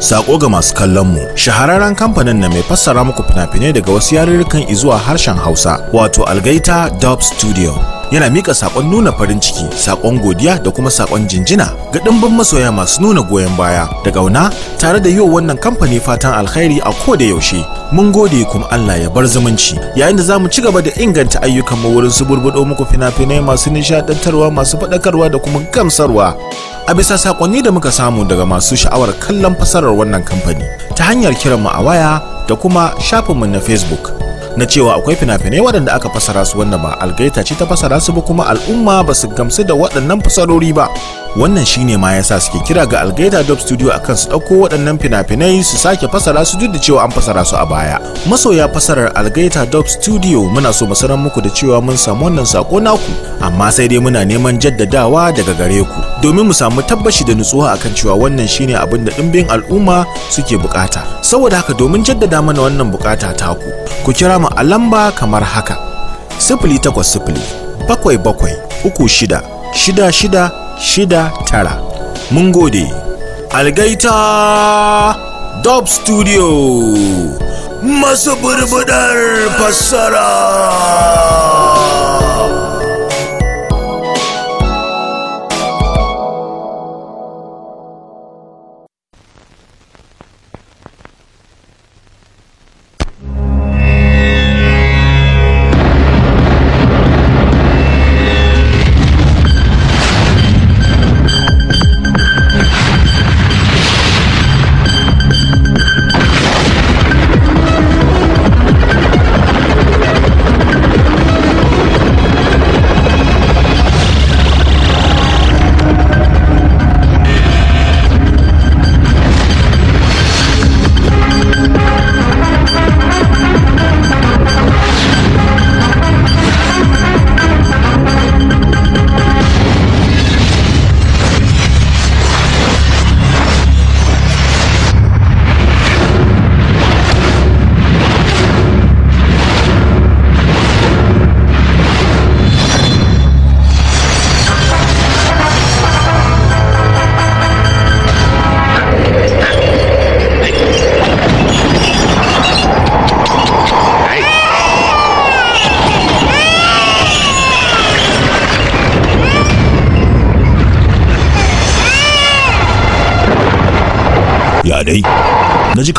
Sako ga masu kallon mu, shahararren kamfanin na mai fassara muku fina-finai daga wasu yarurrukan izuwa harshen Hausa, wato Algaita Dub Studio. yana mika sakon nuna farin ciki sakon godiya da kuma sakon jinjina ga dimbin masoya masu nuna goyon baya da gauna tare da yiwa wannan kamfani fatan alkhairi a ko da yaushe mun gode kuma Allah ya bar zumunci yayin da zamu ci gaba da inganta ayyukan mu wurin su burbudo muku fina-finai masu nishadantarwa masu faɗakarwa da kuma gamsarwa a bisa sakonni da muka samu daga masu sha'awar kallon fasarar wannan kamfani ta hanyar kiran mu a waya da kuma shafinmu na Facebook na cewa akwai fina-finai waɗanda aka fasara su wanda ba algaita ce ta fasara su ba kuma al'umma ba su gamsu da waɗannan fasarori ba wannan shine ma yasa suke kira ga algaita dub studio akan su ɗauko waɗannan fina-finai su sake fasara su duk da cewa an fasara su a baya masoya fasarar algaita dub studio muna so mu muku da cewa mun samu wannan sako naku amma sai dai muna neman jaddadawa daga gare ku domin mu samu tabbashi da nutsuwa akan cewa wannan shine abin da ɗimbin al'umma suke bukata saboda haka domin jaddada mana wannan bukata ta ku kira mu a lamba kamar haka sifili takwas sifili bakwai bakwai uku shida shida shida shida tara mun gode algaita dub studio masu burbudar fassara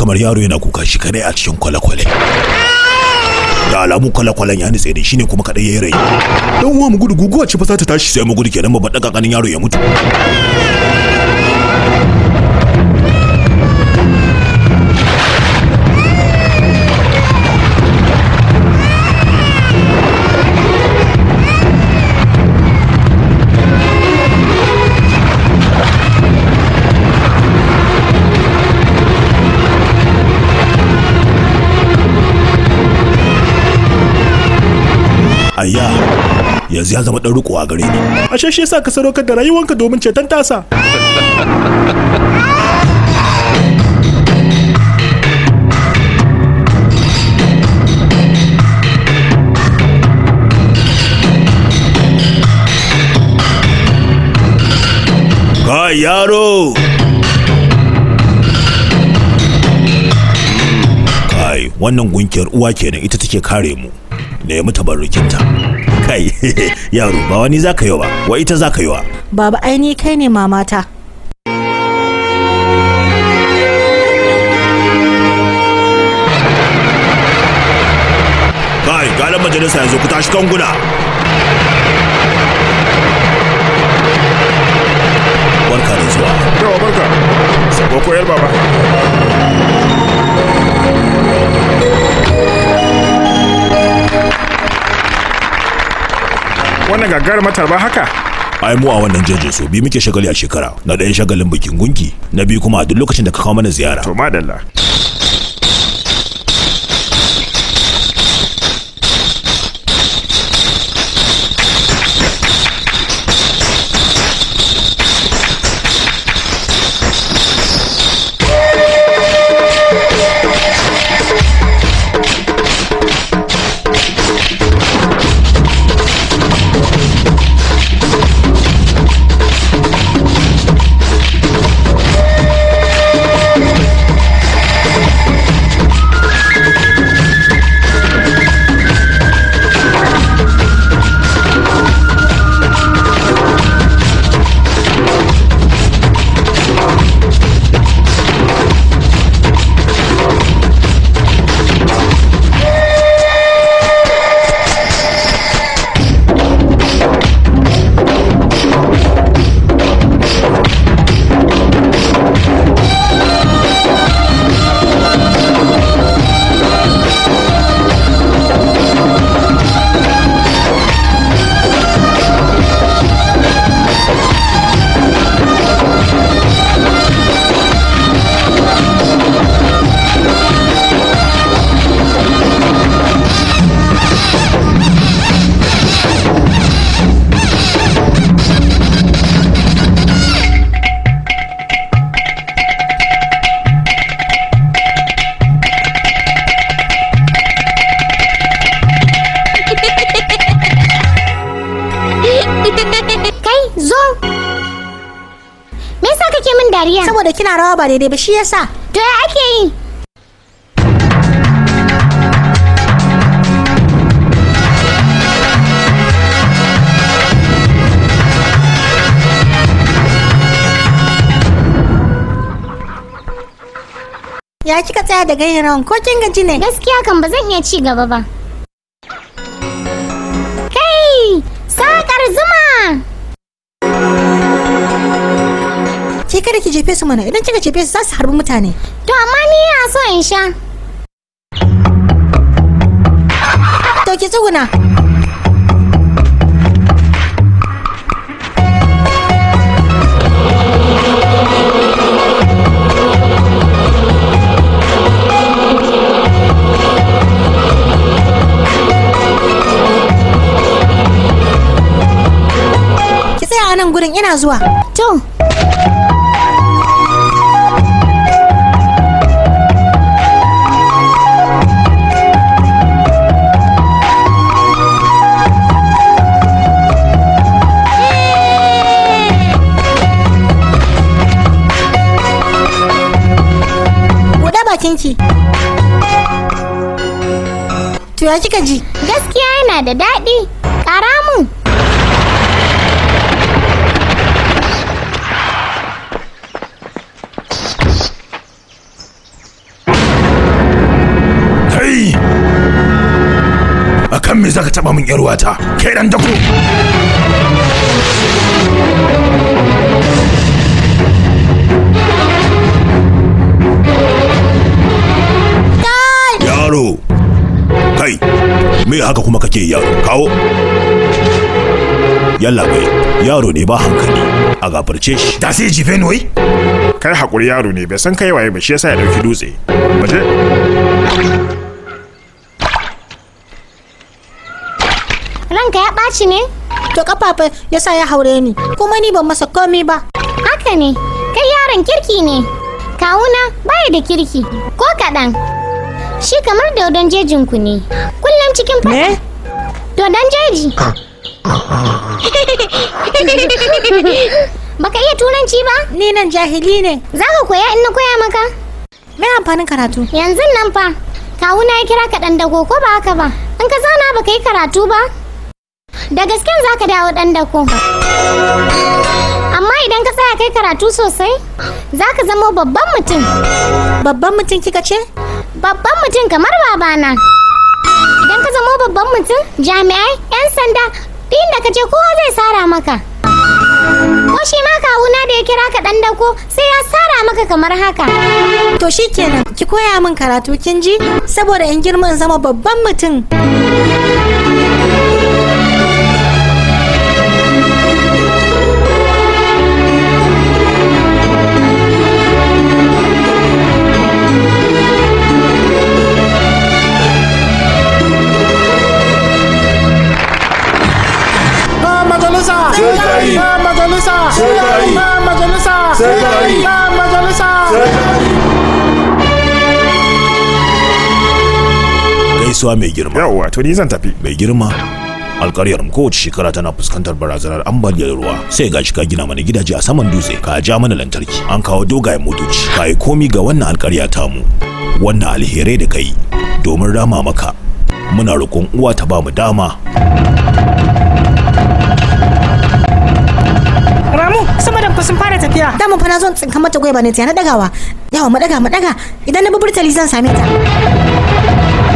kamar yaro yana kuka shi kadai a cikin kwale da alamu kwale-kwalen ya nutse ne shine kuma kadai yayi rai dan uwa mu gudu guguwa ce fa za ta tashi sai mu gudu kenan mu baɗa kakanin yaro ya mutu yanzu ya zama dan riko a gare ni ashe shi yasa ka sadaukar da rayuwanka domin ceton tasa Kai yaro! Kai wannan gunkiyar uwa kenan ita take kare mu, nemi tabarrukinta. kai yaro ba wani zaka yi ba wa ita zaka yi wa baba aini kai ne mamata kai galan majalisa yanzu ku tashi kan guda gagarumar ba haka ai mu a wannan jeje so bi muke shagali a shekara na ɗaya shagalin bikin gunki na biyu kuma a duk lokacin da ka kawo mana ziyara to madalla ba shi yasa to ya ake yi ya kika tsaya da ganyen rawan ko kin gaji ne gaskiya kan ba zan iya ci gaba ba su mana idan kika jefe su za su harbi mutane to amma ni ina so in sha to ki tsuguna nan gurin ina zuwa. To, bakinki to ya kika ji gaskiya yana da daɗi ƙara mu! kai akan me zaka taɓa min wata? kai dan dako me haka kuma kake yaro kawo yalla bai yaro ne ba hankali a gafarce shi da sai jife wai kai hakuri yaro ne bai san kai waye ba shi yasa ya dauki dutse baje ranka ya baci ne to kafafa yasa ya haure ni kuma ni ban masa komai ba haka ne kai yaron kirki ne kawuna baya da kirki ko kaɗan Shi kamar dodon jejin ne. Kullum cikin fata. Dodon jeji. Ah, ah, Baka iya turanci ba? Ni nan jahili ne. Za ka koya in na koya maka? Me amfanin karatu? Yanzu nan fa. Kawuna ya kira ka ɗan dago ko ba haka ba? In ka zana ka yi karatu ba? Da gasken za ka dawo ɗan dako? amma idan ka tsaya kai karatu sosai za ka zama babban mutum babban mutum kika ce babban mutum kamar babana idan ka zama babban mutum jami'ai 'yan sanda duk da ka je kowa zai sara maka ko shi ma kawuna da ya kira ka dan dako sai ya sara maka kamar haka to shi kenan ki koya min karatu kin ji saboda in girma in zama babban mutum ya ya gaisuwa mai girma yawwa to ni zan tafi mai girma alkaryar mu kowace shekara tana fuskantar barazanar ambaliyar ruwa sai gashi ka gina mana gidaje a saman dutse ka ja mana lantarki an kawo dogayen motoci ka yi komi ga wannan alkarya tamu wannan alherai da kai domin rama maka muna roƙon uwa ta ba mu dama ku sun fara tafiya da mun fa na zo mata gwaiba ne ta na dagawa yawa madaga daga idan na bi burtali zan same ta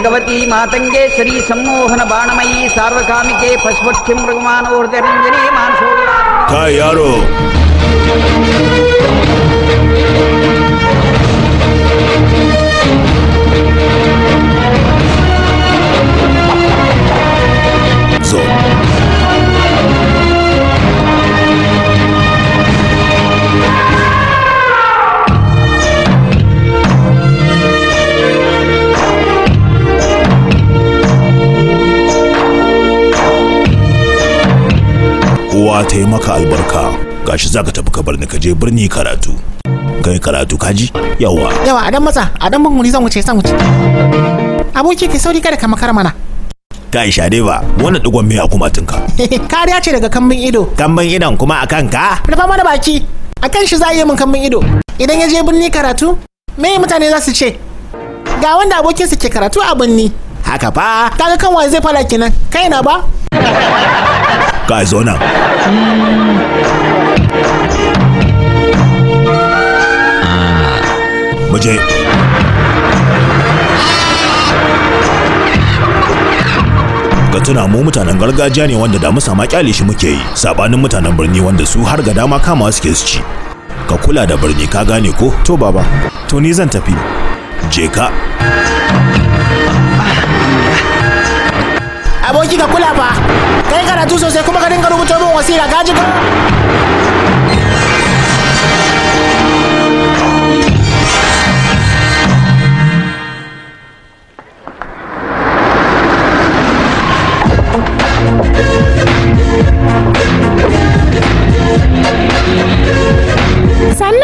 Bhagavathi മാതങ്കേശ്വരി സമ്മോഹന ബാണമയി സാർവകാമികെ പശുപക്ഷി മൃഗമാനോർജരഞ്ജനി മാൻസോർ ta yi maka albarka gashi ka tafi ka ni ka je birni karatu kai karatu kaji yawa yawa a dan matsa a dan zan wuce zan wuce aboki ka sauri kada ka makara mana ta isha dai ba wannan digon me a kumatinka kariya ce daga kambin ido kambin idon kuma a kan ka. rufa mana baki a kan shi za a yi min kambin ido idan ya je birni karatu me mutane za su ce ga wanda abokinsa ke karatu a birni haka fa kaga kan wa zai fara kenan kai na ba Kai zo nan. Ka tuna mu mutanen gargajiya ne wanda da mu sama kyale shi muke yi, sabanin mutanen birni wanda su har ga dama kama suke su ci. Ka kula da birni ka gane ko? To baba, to ni zan tafi. Je ka. aboki ka kula fa kai karatu sosai kuma ka dinga rubuto min wasila ka ji ko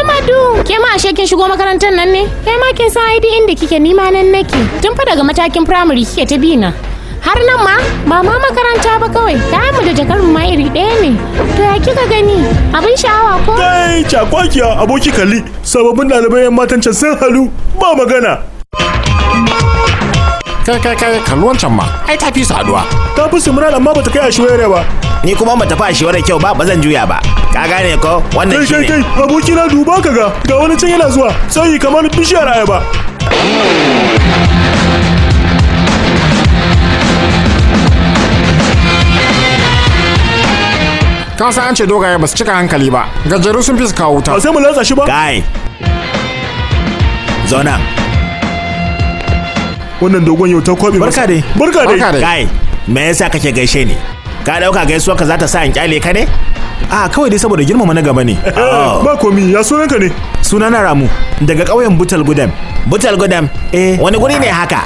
Madu, ke ma ashe kin shigo makarantar nan ne? Kai ma kin san ID inda kike nima nan nake. Tun fa daga matakin firamare kike ta bi na. har nan ma ba ma makaranta ba kawai kayan mu da jakar mu ma iri ɗaya ne to ya kika gani abin sha'awa ko kai cakwakiya aboki kalli sababbin ɗalibai yan matan can sun halu ba magana kai kai kai kallon can ma ai ta fi saduwa ta fi simran amma bata kai a shiwere ba ni kuma bata fi a shiwere kyau ba ba zan juya ba ka gane ko wannan shi kai kai aboki na duba ka ga ga wani can yana zuwa sai kamar bishiyar ayaba ka san an ce dogaye ba su cika hankali ba gajeru sun fi su kawo wuta ba sai mu lantsa shi ba kai zauna wannan dogon yau ta kobi barka dai barka dai dai kai me yasa kake gaishe ni ka dauka gaisuwa ka za ta sa in kyale ka ne a kawai dai saboda girmama na gaba ne eh, eh, oh. ba komi ya sunan ka ne sunana ramu daga kauyen butal gudam butal gudam eh wani guri ne haka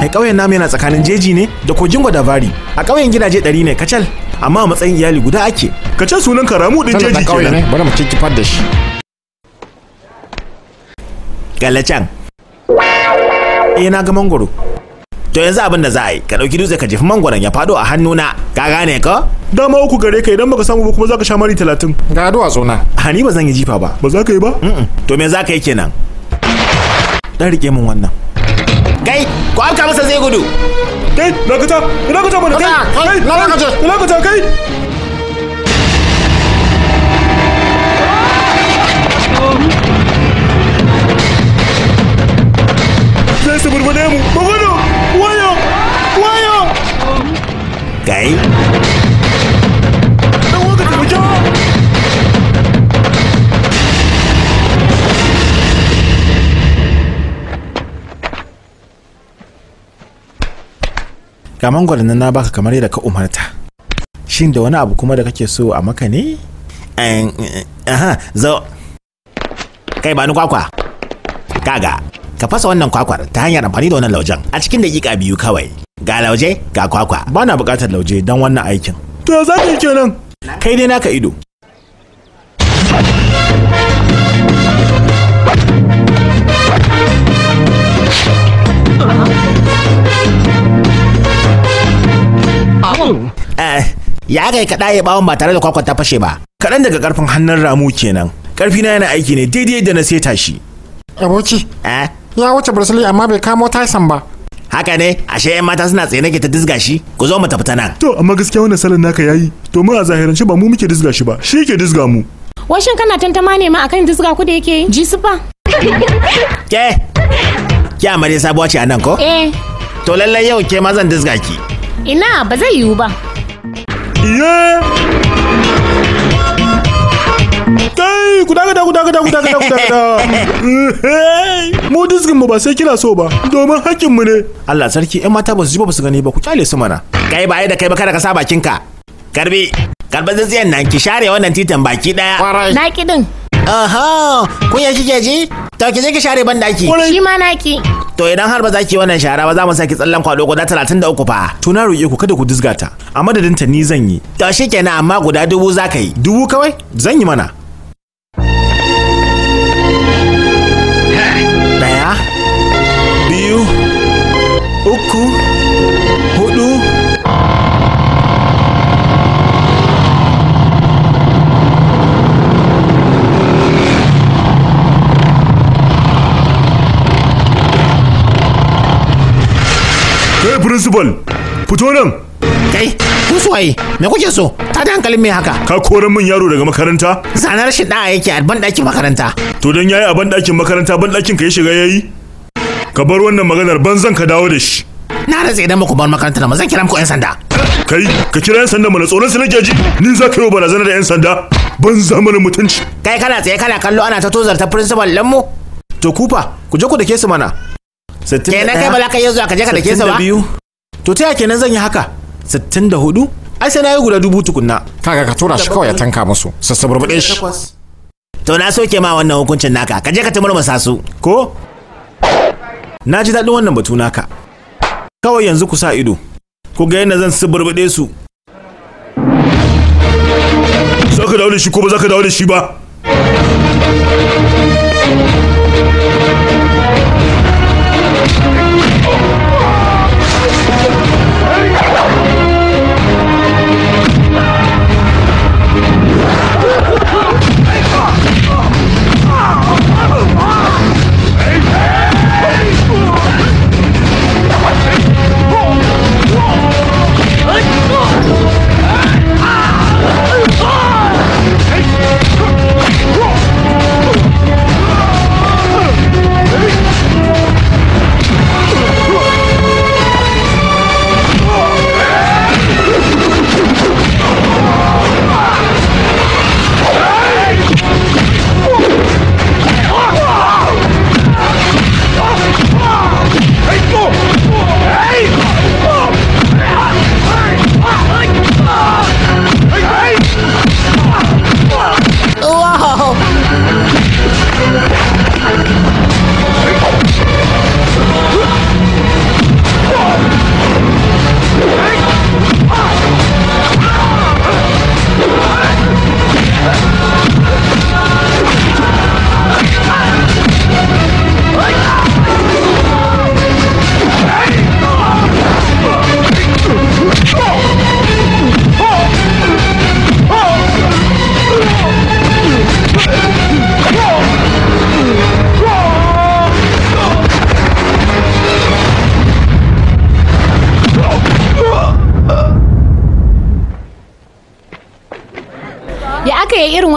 ai ƙauyen namu yana tsakanin jeji ne da kogin godavari a ƙauyen gidaje ɗari ne kacal amma a matsayin iyali guda ake kacal sunan karamu ɗin jeji kenan bari mu kifar da shi galacan eh na ga mangoro to yanzu abin da za a yi ka ɗauki dutse ka jefi mangoron ya faɗo a hannuna ka gane ka dama uku gare ka idan baka samu ba kuma zaka sha mari talatin ga duwatsu na hani ah, ba zan yi jifa ba ba za ka yi ba to me za ka yi kenan dan rike min wannan kai ku afka masa zai gudu kai dakata mana kai kai kai zai su mu mu gudu wayo wayo kai ga mangwaron nan na baka kamar yadda ka umarta shin da wani abu kuma da kake so a maka ne aha zo kai ni kwakwa kaga ka fasa wannan kwakwar ta hanyar amfani da wannan laujen a cikin daƙiƙa biyu kawai ga lauje ga kwakwa ba na buƙatar lauje don wannan aikin to za ka yi kenan kai dai naka ido Uh-huh. Eh, ya kai ka ɗaye bawon ba tare da kwakwata ta fashe ba kaɗan daga ƙarfin hannun ramu kenan ƙarfi na yana aiki ne daidai da na seta shi aboki eh? ya wuce bursali amma bai kamo tyson ba haka ne ashe yan mata suna tsaye nake ta dizga shi ku zo mu tafi ta nan to amma gaskiya wannan salon naka yayi to mu a zahirance ba mu muke dizga shi ba shi yake dizga mu washin kana tantama ne ma akan dizga ku da yake ji sufa ke ki amare sabuwa ce a nan ko eh to lallai yau ke ma zan dizga ki ina ba zai yiwu ba iye kai kuda gada kuda gada kuda gada kuda gada mu disgin mu ba sai kina so ba domin hakkin mu ne Allah sarki ƴan mata ba su ji ba su gani ba ku kyale su mana kai ba ai da kai ba kada ka sa bakin ka karbi karbi tsintsiyan nan ki share wannan titan baki daya na kidin aha kun ya kike ji to ki je ki share ban daki shi ma ki. to idan har ba za ki wannan shara ba za mu saki tsallan kwado guda 33 fa to na roƙe ku kada ku dizgata a madadin ta ni zan yi to shikenan amma guda dubu za ka yi dubu kawai zan yi mana daya biyu uku principal fito nan kai kun suwaye me kuke so ta da hankalin me haka ka koran min yaro daga makaranta zanar shi da yake a ban dakin makaranta to dan yayi a ban dakin makaranta ban dakin ka ya shiga yayi ka bar wannan maganar ban zan ka dawo da shi na rantsa tsaye dan muku bar makaranta na zan kira muku yan sanda kai ka kira yan sanda mana tsoron su nake ji ni za ka yi barazana da yan sanda ban zamanin mutunci kai kana tsaye kana kallo ana ta tozar ta principal lanmu to kufa ku je ku dake su mana kenan kai ba za ka iya zuwa ka je ka dake su ba to ta yake nan zan yi haka 64 ai sai na yi guda dubu tukunna kaga ka tura shi kawai ya tanka musu sassaburbuɗe shi to na soke ma wannan hukuncin naka ka je ka tamar masa su ko na ji daɗin wannan batu naka kawai yanzu ku sa ido ku ga yadda zan suburbuɗe su za ka dawo da shi ko ba za ka dawo da shi ba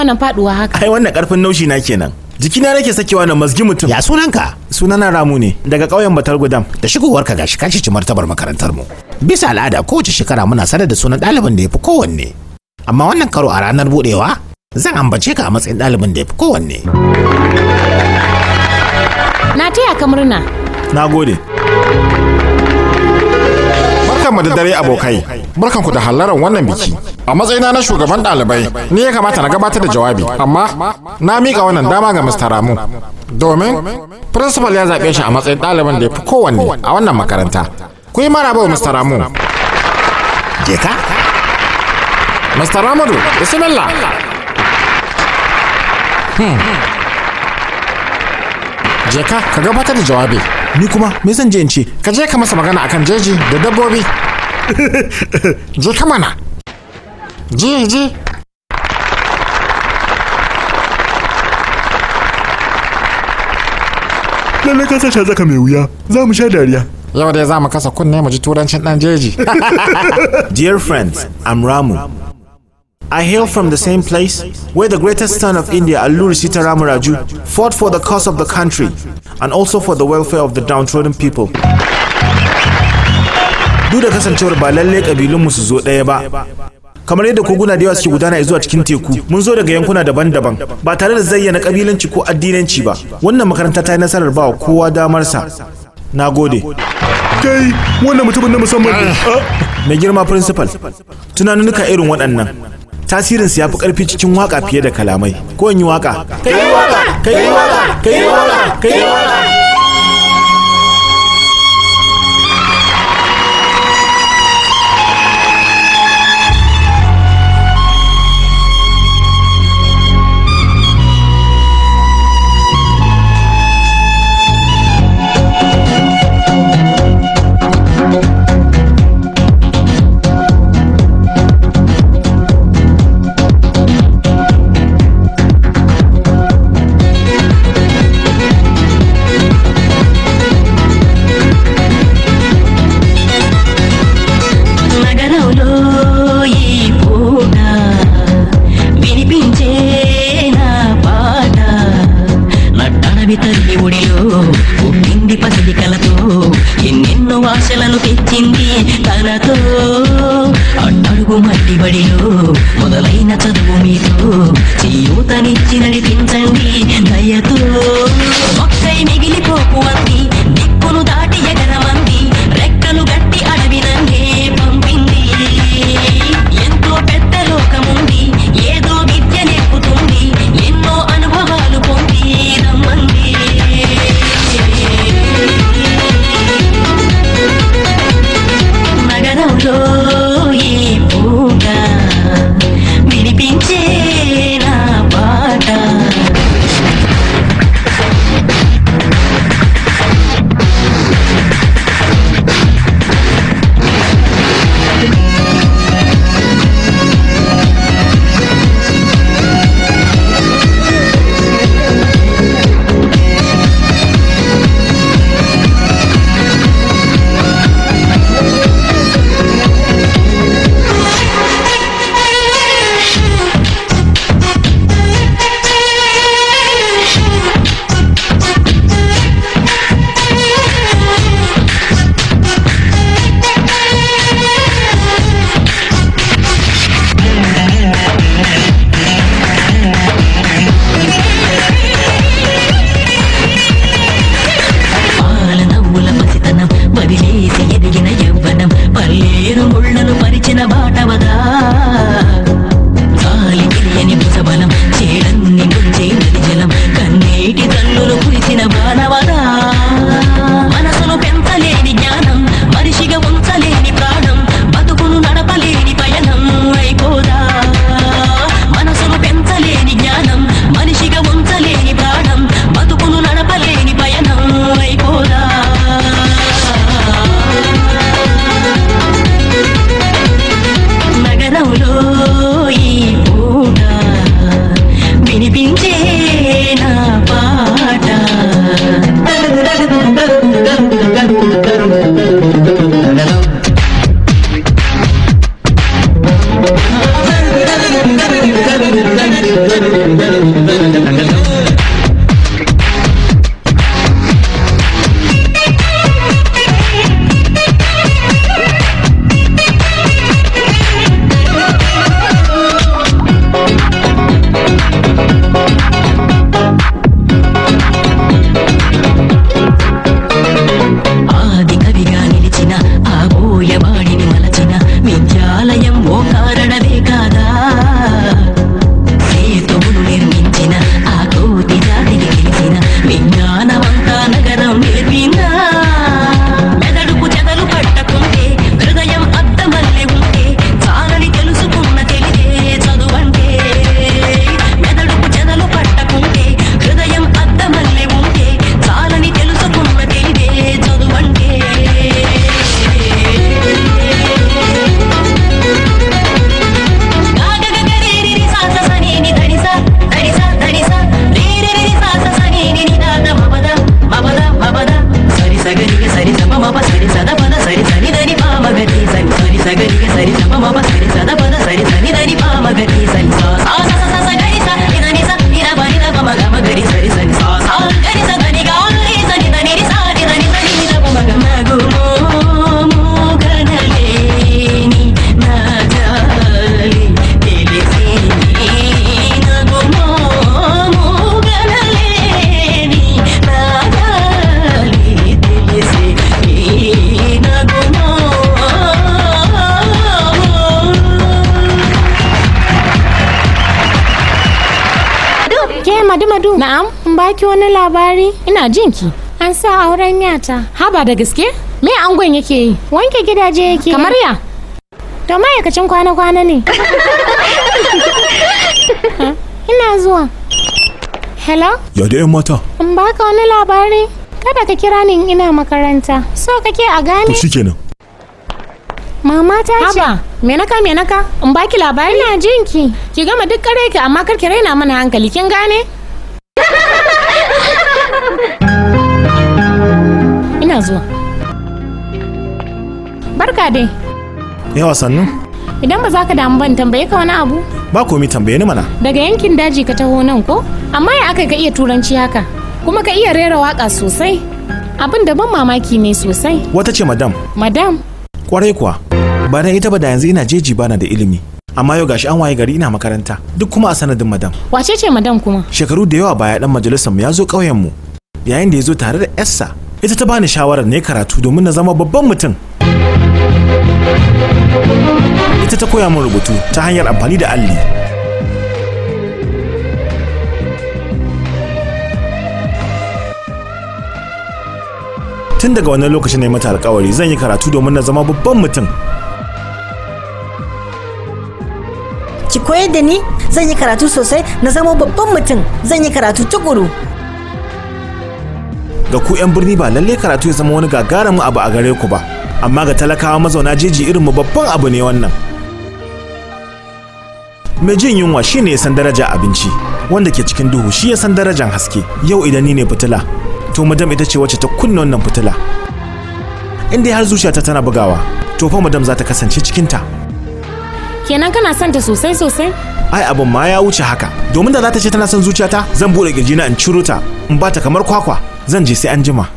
wannan faduwa haka ai wannan karfin naushi na kenan jikina nake sakewa na mazgi mutum ya sunan ka. sunanka na ramu ne daga ƙauyen batar gudam da shigowar ka gashi kashi ci martabar makarantar mu bisa al'ada kowace shekara muna sanar da sunan ɗaliban da ya fi kowanne amma wannan karo a ranar budewa zan ambace ka a matsayin ɗalibin da ya fi kowanne na taya ka murna na gode barkan da dare abokai barkan ku da hallaran wannan biki a matsayina na shugaban ɗalibai ni ya kamata na gabatar da jawabi amma na mika wannan dama ga Mr. Ramu domin principal ya zaɓe shi a matsayin ɗaliban da ya fi kowanne a wannan makaranta ku yi maraba wa Mr. Ramu jeka ka Mr. bismillah hmm. je ka ka gabatar da jawabi ni kuma me zan je in ce ka je ka masa magana akan jeji da dabbobi je ka mana je je lalle ka zaka mai wuya za mu sha dariya yau dai za mu kasa kunne mu ji turancin dan jeji dear friends i'm ramu I hail from the same place where the greatest son of India, Alluri Sitaram Raju, fought for the cause of the country and also for the welfare of the downtrodden people. Duk da kasancewar ba lalle kabilunmu su zo ɗaya ba, kamar yadda koguna da yawa suke gudana zuwa cikin teku mun zo daga yankuna daban-daban ba tare da zayyana kabilanci ko addinanci ba wannan makaranta ta yi nasarar ba kowa damarsa na gode kai wannan mutumin na musamman mai girma principal tunanunuka irin waɗannan tasirin su fi karfi cikin waka fiye da kalamai ko in yi waka kai waka kai waka kai waka kai waka baki wani labari ina jin ki an sa auren yata haba da gaske me angon yake yi wanke gidaje yake kamar ya to ma'aikacin kwana-kwana ne ina zuwa hello ya da yan mata in baka wani labari kada ka kira ni ina makaranta so kake a gane to shikenan mama ta ce haba me naka me naka in baki labari ina jinki ki gama duk kare ki amma kar ki raina mana hankali kin gane ina zuwa barka dai yawa sannu idan ba za ka damu ban tambaye ka wani abu ba komi tambaye ni mana daga yankin daji ka taho nan ko amma ya aka ka iya turanci haka kuma ka iya rera waka sosai abin da ban mamaki ne sosai wata ce madam madam kwarai kuwa ba na ita ba da yanzu ina jeji bana da ilimi amma yau gashi an waye gari ina makaranta duk kuma a sanadin madam wace ce madam kuma shekaru da yawa baya dan majalisar mu ya zo ƙauyen mu yayin da ya zo tare da yarsa ita ta bani shawarar ne karatu domin na zama babban mutum ita ta koya min rubutu ta hanyar amfani da alli tun daga wannan lokacin ne mata alkawari zan yi karatu domin na zama babban mutum ki koyar da ni zan yi karatu sosai na zama babban mutum zan yi karatu tukuru ga ku 'yan birni ba lalle karatu ya zama wani mu abu a gare ku ba amma ga talakawa mazauna jeji irin mu babban abu ne wannan mai jin yunwa shine ya san daraja abinci wanda ke cikin duhu shi ya san darajan haske yau idan ni ne fitila to madam ita ce wacce ta kunna wannan fitila in dai har zuciyata tana bugawa to fa madam za ta kasance cikinta kenan kana son ta sosai sosai ai abin ma ya wuce haka domin da za ta ce tana son zuciyata zan buɗe na in ciro ta in ba ta kamar kwakwa zan je sai an jima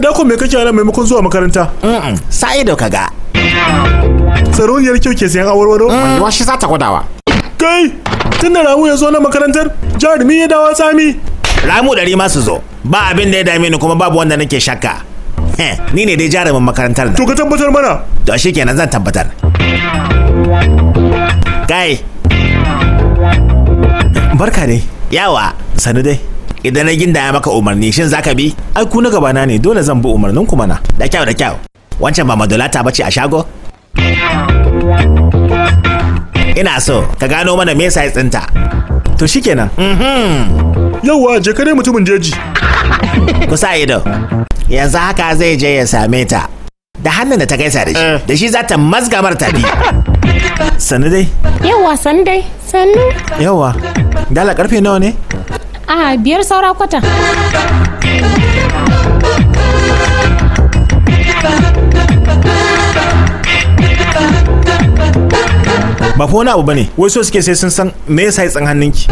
kai ko me kake yana maimakon zuwa makaranta sai da kaga sarauniyar kyau ke sayan awarwaro yawa mm. shi za ta gwadawa kai tun da ramu ya zo na makarantar jarumi ya dawo sami. ramu ɗari su zo ba abin da ya dame ni kuma babu wanda nake shakka ni ne dai jarumin makarantar nan to ka tabbatar mana to shi kenan zan tabbatar kai barka ne yawa sanu dai idan na gindaya maka umarni shin zaka bi ai ku na gabana ne dole zan bi umarnin ku mana da kyau da kyau wancan ba madolata ce a shago ina so ka gano mana me size tsinta. to shikenan mm-hmm. yauwa je ka dai mutumin jeji kusa ido yanzu haka zai je ya same ta da hannun da ta gaisa da shi eh. da shi za ta mazga mara tabi sannu dai yawa sannu dai sannu yawa dala karfe nawa ne a biyar saura kwata ba fa wani abu bane wai so suke sai sun san me yasa tsan hannunki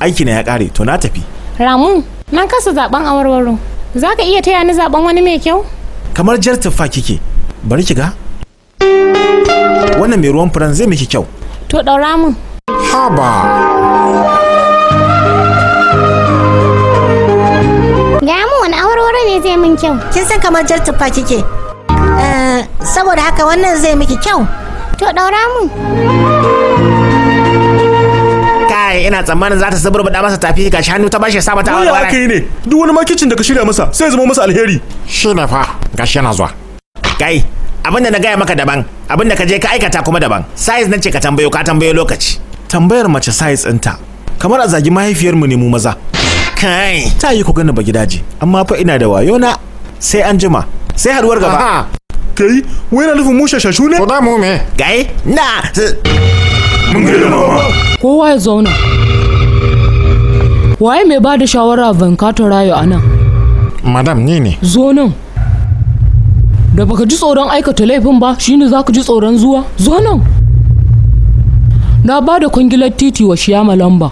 aiki na ya kare to na tafi ramu na kasa zaben awarwaro za ka iya taya ni zaben wani mai kyau kamar jar tuffa kike bari ki ga wannan mai ruwan furen zai miki kyau to ɗaura mun haba ne zai min kyau. Kin san kamar jar tuffa kike. Eh, saboda haka wannan zai miki kyau. To daura mun. Kai ina tsammanin za ta da masa tafi ga hannu ta bashi saba ta wani wani. aka yi ne duk wani makicin da ka shirya masa sai zama masa alheri. Shi ne fa gashi yana zuwa. Kai abinda da na gaya maka daban abinda da ka je ka aikata kuma daban. Size nan ce ka tambayo ka tambayo lokaci. tambayar mace size ɗinta kamar a zagi mahaifiyarmu ne mu maza kai ta yi ku gani ba gidaje amma fa ina da wayo na sai an jima sai haduwar gaba kai wai na nufin mu shashu ne ko da mu me gai na mun gaida mama kowa ya zauna waye mai ba da shawara vankato rayo a nan madam ni ne zo nan da baka ji tsoron aikata laifin ba shine zaka ji tsoron zuwa zo nan na ba da kwangilar titi wa shiyama lamba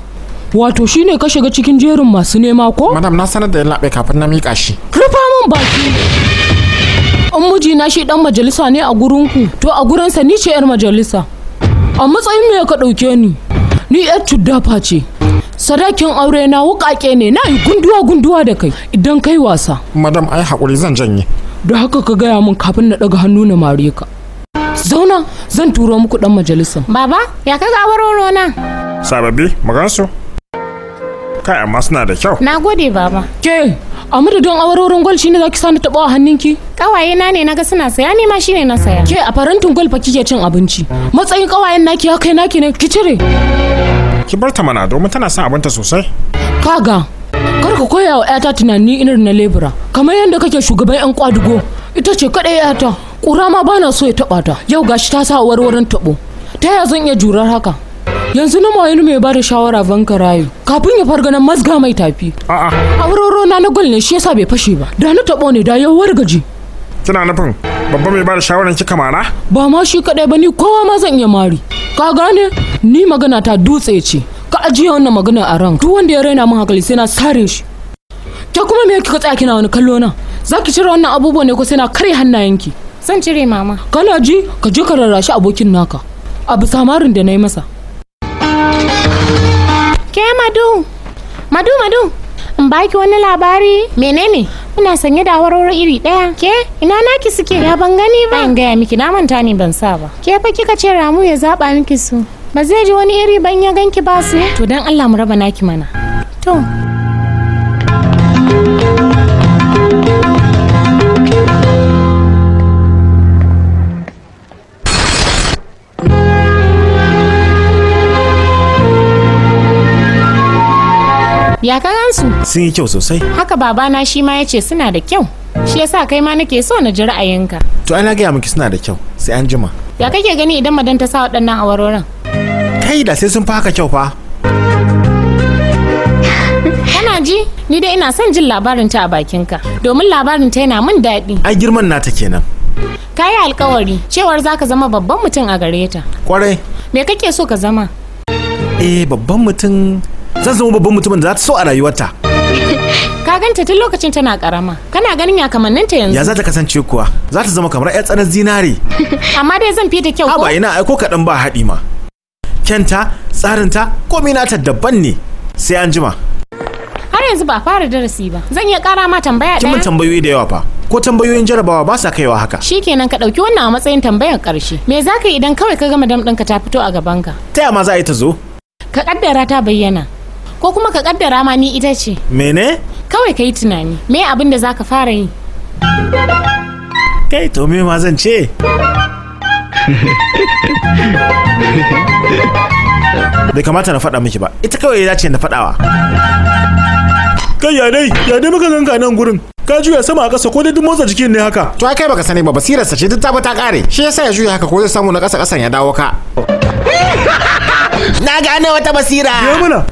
wato shine ka shiga cikin jerin masu nema ko madam na sanar da yan labe kafin na mika shi rufa min baki an na shi dan majalisa ne a gurinku to a gurinsa ni ce yar majalisa a matsayin me ka ɗauke ni ni yar tuddafa ce sadakin aure na wukake ne na yi gunduwa gunduwa da kai idan kai wasa madam ai hakuri zan janye da haka ka gaya mun kafin na ɗaga hannu na mare ka zauna zan turo muku dan majalisar baba ya kaga awarwaro na sababbi magansu kai amma suna da kyau na gode baba ke a don awaroron gwal shine zaki sani taɓa a hannunki kawaye na ne ga suna saya ne ma shine na saya ke a farantin gwal fa kike cin abinci matsayin kawayen naki ya kai naki ne ki cire ki bar ta mana domin tana son abinta sosai kaga kar ka koya wa 'yata tunani irin na lebura kamar yadda kake shugaban 'yan kwadugo ita ce kaɗai 'yata ƙura ma bana so ya taɓa ta yau gashi ta sa warwarin taɓo ta yaya zan iya jurar haka yanzu na mawailu mai bada shawara banka rayu kafin ya farga nan mazga mai tafi a'a auroro na na gol ne shi yasa bai fashe ba da na taɓo ne da yau wargaji kina nufin babba mai bada shawaran kika mana ba ma shi kadai ba ni kowa ma zan iya mari ka gane ni magana ta dutse ce ka ajiye wannan magana a ran duk wanda ya raina mun hankali sai na sare shi ke kuma me kika tsaya kina wani kallo na zaki cire wannan abubuwan ne ko sai na kare hannayenki Son cire mama. Kana ji ka je ka rarrashi abokin naka. A bisa marin da na yi masa. Ke Madu. Madu Madu. In baki wani labari? Menene? Muna sanye da warwaro iri ɗaya. Ke ina naki suke? Ya ban gani ba. An gaya miki na manta ni ban sa ba. Ke fa kika ce Ramu ya zaba miki su. Ba zai ji wani iri ban ya ganki ba su. To dan Allah mu raba naki mana. To Ya ka gansu? Sun yi kyau sosai. Haka babana shi ma ya ce suna da kyau. Shi yasa kai ma nake so na ji ra'ayinka. To ai na gaya miki suna da kyau sai an jima. Ya kake gani idan madan ta sa waɗannan awarorin? Kai da sai sun fi haka kyau fa. Kana ji? Ni dai ina son jin labarin ta a bakinka. Domin labarin ta yana min daɗi. Ai girman nata kenan. Ka yi alkawari cewar za ka zama babban mutum a gare ta. Kwarai. Me kake so ka zama? Eh babban mutum zan zama babban mutumin da za ta so a rayuwarta ka ganta tun lokacin tana karama kana ganin ya kamanninta yanzu ya za ta kasance kuwa za ta zama kamar yar tsanar zinare amma dai zan fita kyau ko ba ina ai ko kaɗan ba haɗi ma kyanta tsarinta komai nata daban ne sai an jima har yanzu ba fara darasi ba zan iya ƙara ma tambaya ɗaya kimin tambayoyi da yawa fa ko tambayoyin jarabawa ba sa kaiwa haka Shi kenan ka ɗauki wannan a matsayin tambayar ƙarshe me za ka yi idan kawai ka gama dam ta fito a gaban ka? ta ma za a yi ta zo ka ƙaddara ta bayyana ko kuma ka kaddara ma ni ita ce mene kawai ka yi tunani me abin da zaka fara yi kai to me ma zan ce bai kamata na faɗa miki ba ita kawai ya dace na faɗawa kai ya dai ya dai muka ganka nan gurin ka juya sama a ƙasa ko dai duk motsa jikin ne haka to ai kai baka sani ba basirar ce duk ta ta kare shi yasa ya juya haka ko zai samu na ƙasa ƙasan ya dawo ka na gane wata basira ya mana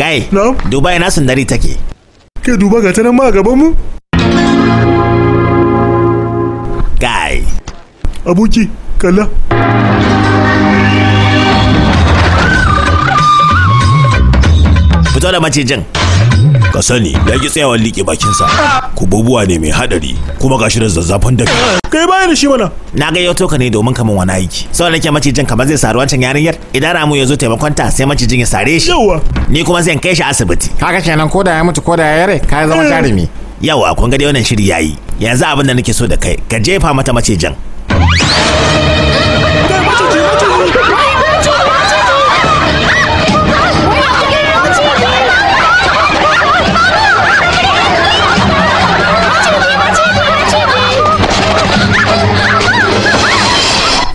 kai no? duba ina sundari take ke duba ga ta nan ma gaban mu kai aboki kalla fito da macijin ka sani ya ki tsayawa liƙe bakin bakinsa kububuwa ne mai hadari kuma gashi da zazzafan da kai baya da shi mana na ga yau ka ne domin kaman wani aiki sau nake macijin kamar zai sari wancan yarinyar idan ramu ya zo taimakon ta sai macijin ya sare shi yawa ni kuma zan kai shi asibiti haka kenan ko da ya mutu ko da ya yare ka zama eh. jarumi yawa kun ga dai wannan shiri yayi yanzu abin da nake so da kai ka jefa mata macijin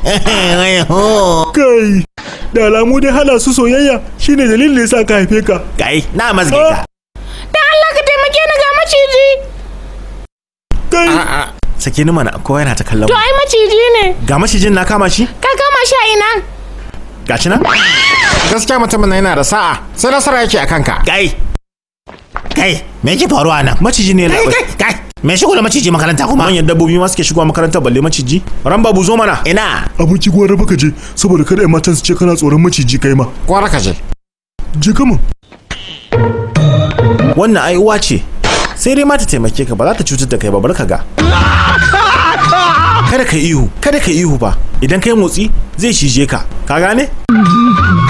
kai da alamu dai hana su soyayya shine dalilin da sa ka haife ka kai na mazge ka da Allah ka taimake ni ga maciji kai A'a. sake ni mana kowa yana ta kallon to ai maciji ne ga macijin na kama shi ka kama shi a ina gashi na? gaskiya mutumin yana da sa'a sai nasara yake a kanka kai kai me yake faruwa nan maciji ne kai, kai me shigo da maciji makaranta kuma manyan dabbobi ma suke shigo makaranta balle maciji ran babu zo mana ina gwa gwara baka je saboda kada matan su ce kana tsoron maciji kai ma gwara ka je je kama wannan ai uwa ce sai dai ma ta taimake ka ba za ta cutar da kai ba barka ga ah! kada ka ihu kada ka ihu ba idan kai motsi zai cije ka ka gane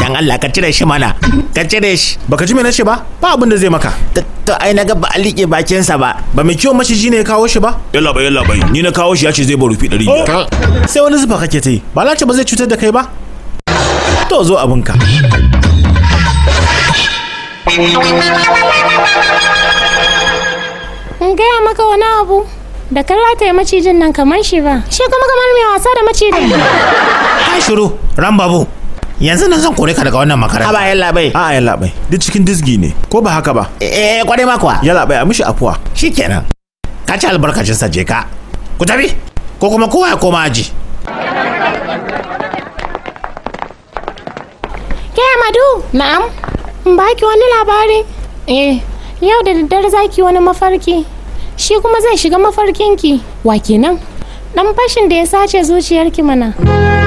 dan Allah ka cire shi mana ka cire shi baka ji me nace ba ba abin da zai maka to ai na ga ba a liƙe bakin sa ba ba mai kiwon maciji ne ya kawo shi ba yalla bai yalla bai ni na kawo shi ya ce zai ba rufi 100 sai wani zuba kake ta yi ba lace ba zai cutar da kai ba to zo abinka in gaya maka wani abu da kalla ta yi macijin nan kamar shi ba shi kuma kamar mai wasa da macijin ai shiru ran babu yanzu nan zan kore ka daga wannan makaranta ba yalla bai a yalla bai duk cikin dizgi ne ko ba haka ba eh kware ma kuwa yalla bai a mishi afuwa shikenan ka ci albarkacin sa je ka ku tafi ko kuma kowa ya koma aji ke amadu na'am ba ki wani labari eh yau da daddare zaki wani mafarki shi kuma zai shiga mafarkinki wa kenan dan fashin da ya sace zuciyarki mana.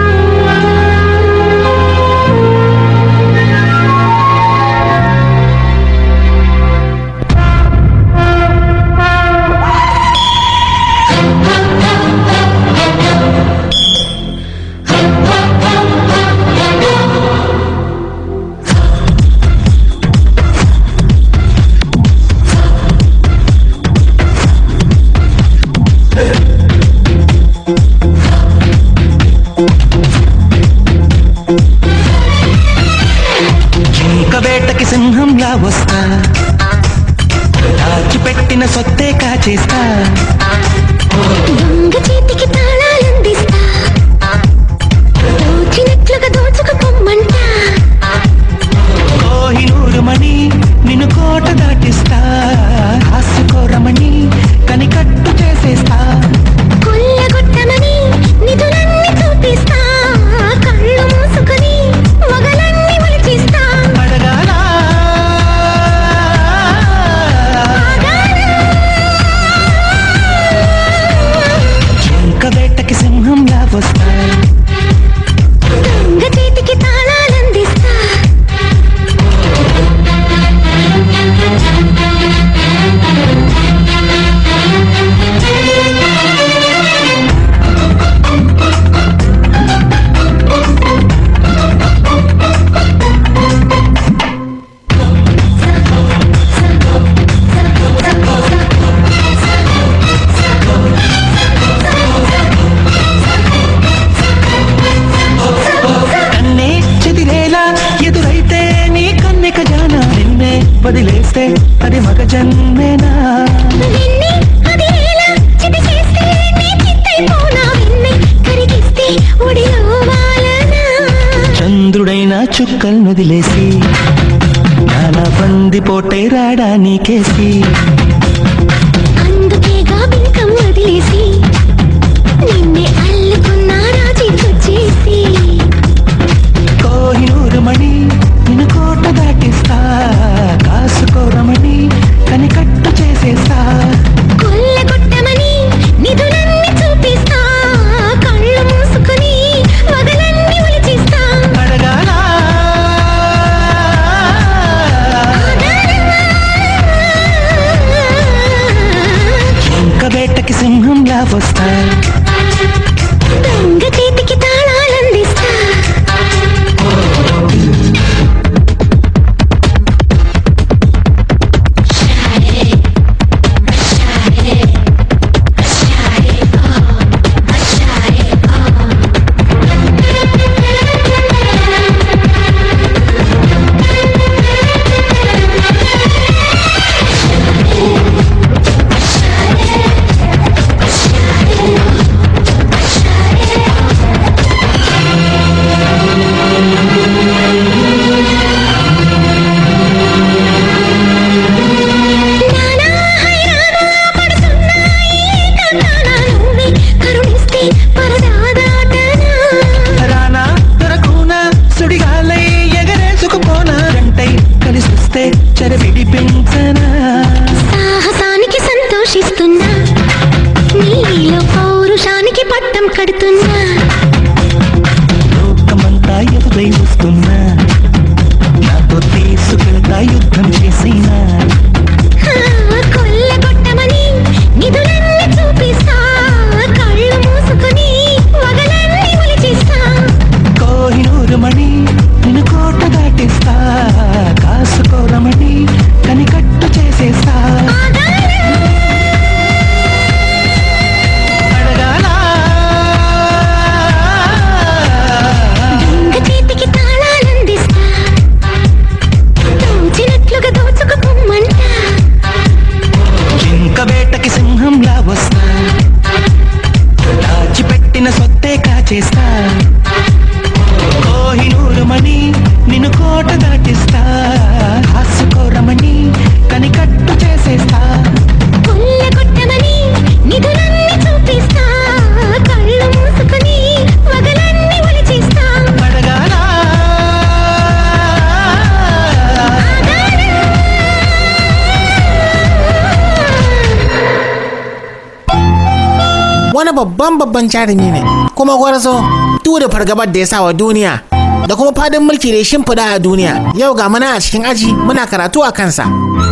babban babban jarumi ne kuma gwarzo duk da fargabar da ya sa wa duniya da kuma fadin mulki da shimfiɗa a duniya yau ga muna a cikin aji muna karatu a kansa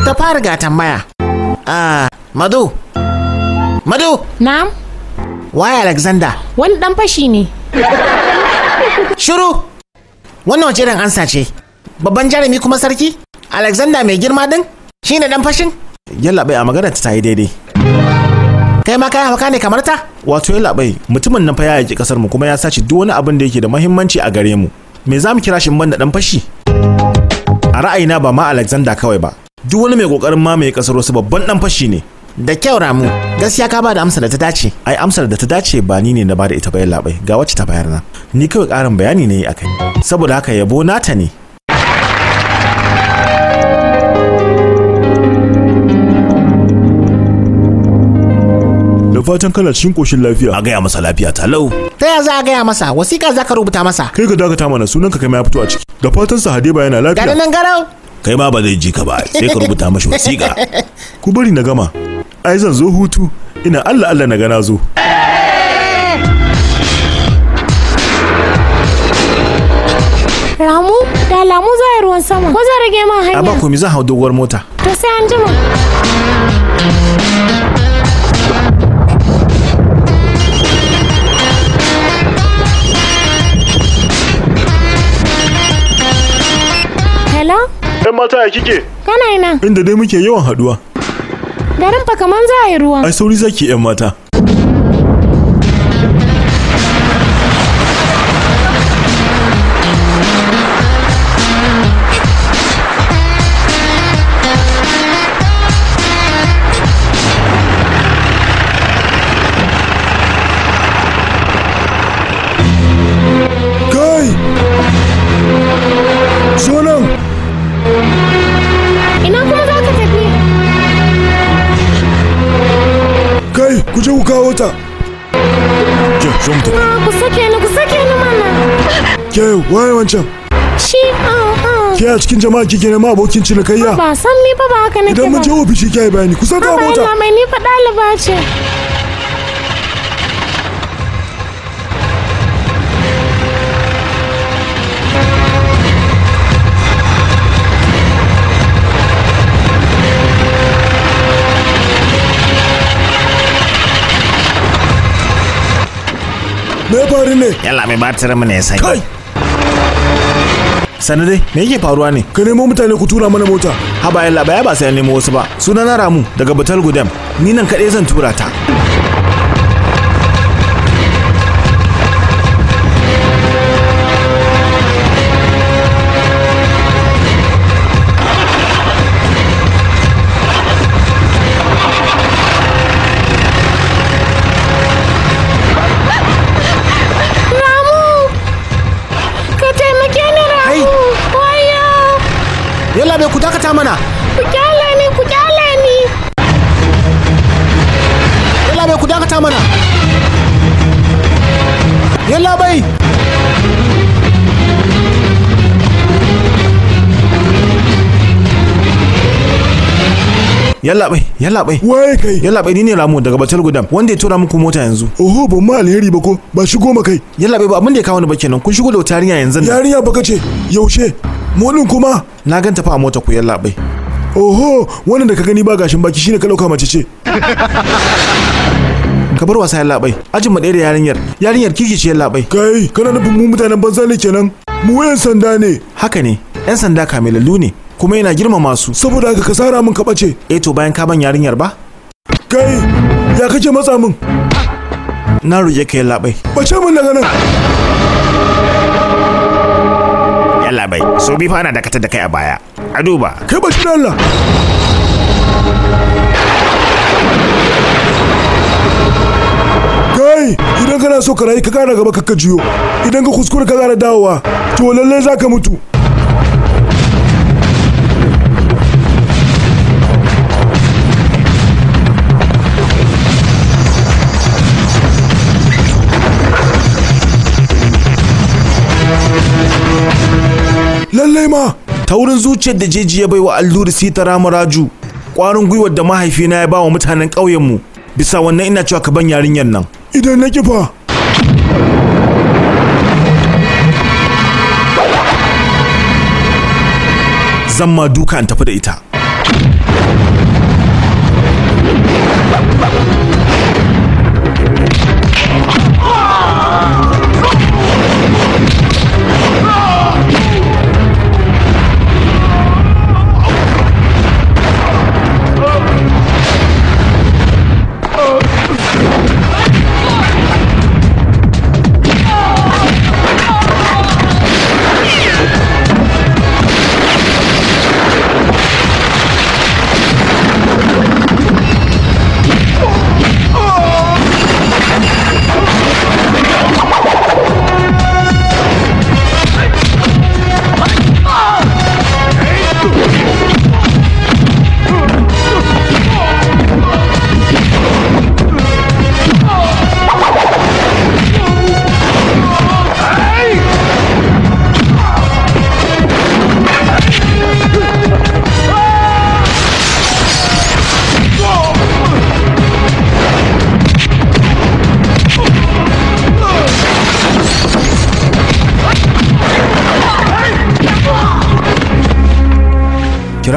ta fara ga tambaya ah madu madu na'am waye alexander wani dan fashi ne shiru wannan wace irin ansa ce babban jarumi kuma sarki alexander mai girma din shine dan fashin bai a magana ta yi daidai kai ma kayan hauka ne kamar ta wato ya labai mutumin nan fa ya yaki kasar mu kuma ya sace duk wani abin da yake da muhimmanci a gare mu me zamu kira shi ban da dan fashi a ra'ayina ba ma Alexander kawai ba duk wani mai kokarin ma mai kasar wasu babban dan fashi ne da kyau ramu gaskiya ka ba da amsar da ta dace ai amsar da ta dace ba ni ne na da ita bayan labai ga wacce ta bayar na ni kawai karin bayani ne akai saboda haka yabo nata ne fatan kana cikin koshin lafiya a gaya masa lafiya ta lau ta yaya za a gaya masa wasiƙa za ka rubuta masa kai ka dakata mana sunan ka kai ma ya fito a ciki da fatan sa Hadiba yana lafiya ga nan garau kai ma ba zai ji ka ba sai ka rubuta mashi wasiƙa ku bari na gama ai zan zo hutu ina Allah Allah na gana zo Ramu, da lamu za a ruwan sama. Ko zan rage ma hanya? A ba ku zan hau doguwar mota. To sai an jima. Hello? ‘Yan mata ya kike? Kana ina. Inda dai muke yawan haɗuwa. Garin fa kaman za a yi ruwa. Ai sauri zaki ‘yan mata. Ke waye wancan? Shi ah, ah. Ke a cikin jama'a kike ma abokin cinikayya? Ba san ni ba ba haka nake ba. Idan mun je ofishi kai bayani kusa ka mota. Ba mai ni fa ɗaliba ce. Me faru ne? Yalla mai batirinmu ne sai. Kai! sani dai me yake faruwa ne ka nemo mutane ku tura mana mota haba yalla ba ya ba sai nemo wasu ba sunana ramu daga batal gudam ni nan kaɗai zan tura ta ta mana ku kyale ni ku kyale ni yalla bai ku dakata mana yalla bai yalla bai. wai kai bai ni ne Ramu daga batal gudam wanda ya tura muku mota yanzu oho ban ma alheri ba ko ba shigo ma kai bai ba abin da ya kawo ni ba kenan kun shigo da wata yarinya yanzu yarinya baka ce yaushe molin kuma na ganta fa a mota ku labai oho wannan da ka gani ba gashin baki shine ka dauka mace ce ka bar wasa labai ajin mu da yarinyar yarinyar kiki ce labai kai kana nufin mu mutanen banza ne kenan mu wayan sanda ne haka ne yan sanda kamilalu ne kuma yana girmama su saboda haka ka sara min ka bace eh to bayan ka ban yarinyar ba kai ya kake matsa min na ruje ka labai bace min daga nan Allah bai so bi fa ana dakatar da kai a baya a duba kai ba kira Allah kai idan kana so ka rayu ka kara gaba ka juyo idan ka kuskure ka kara dawowa to lallai zaka mutu lallai ma taurin zuciyar da jeji ya baiwa alluri sitara maraju kwarin gwiwar da mahaifina ya ba wa mutanen ƙauyenmu bisa wannan ina cewa ka ban yarinyar nan idan na kifa zan ma duka in tafi da ita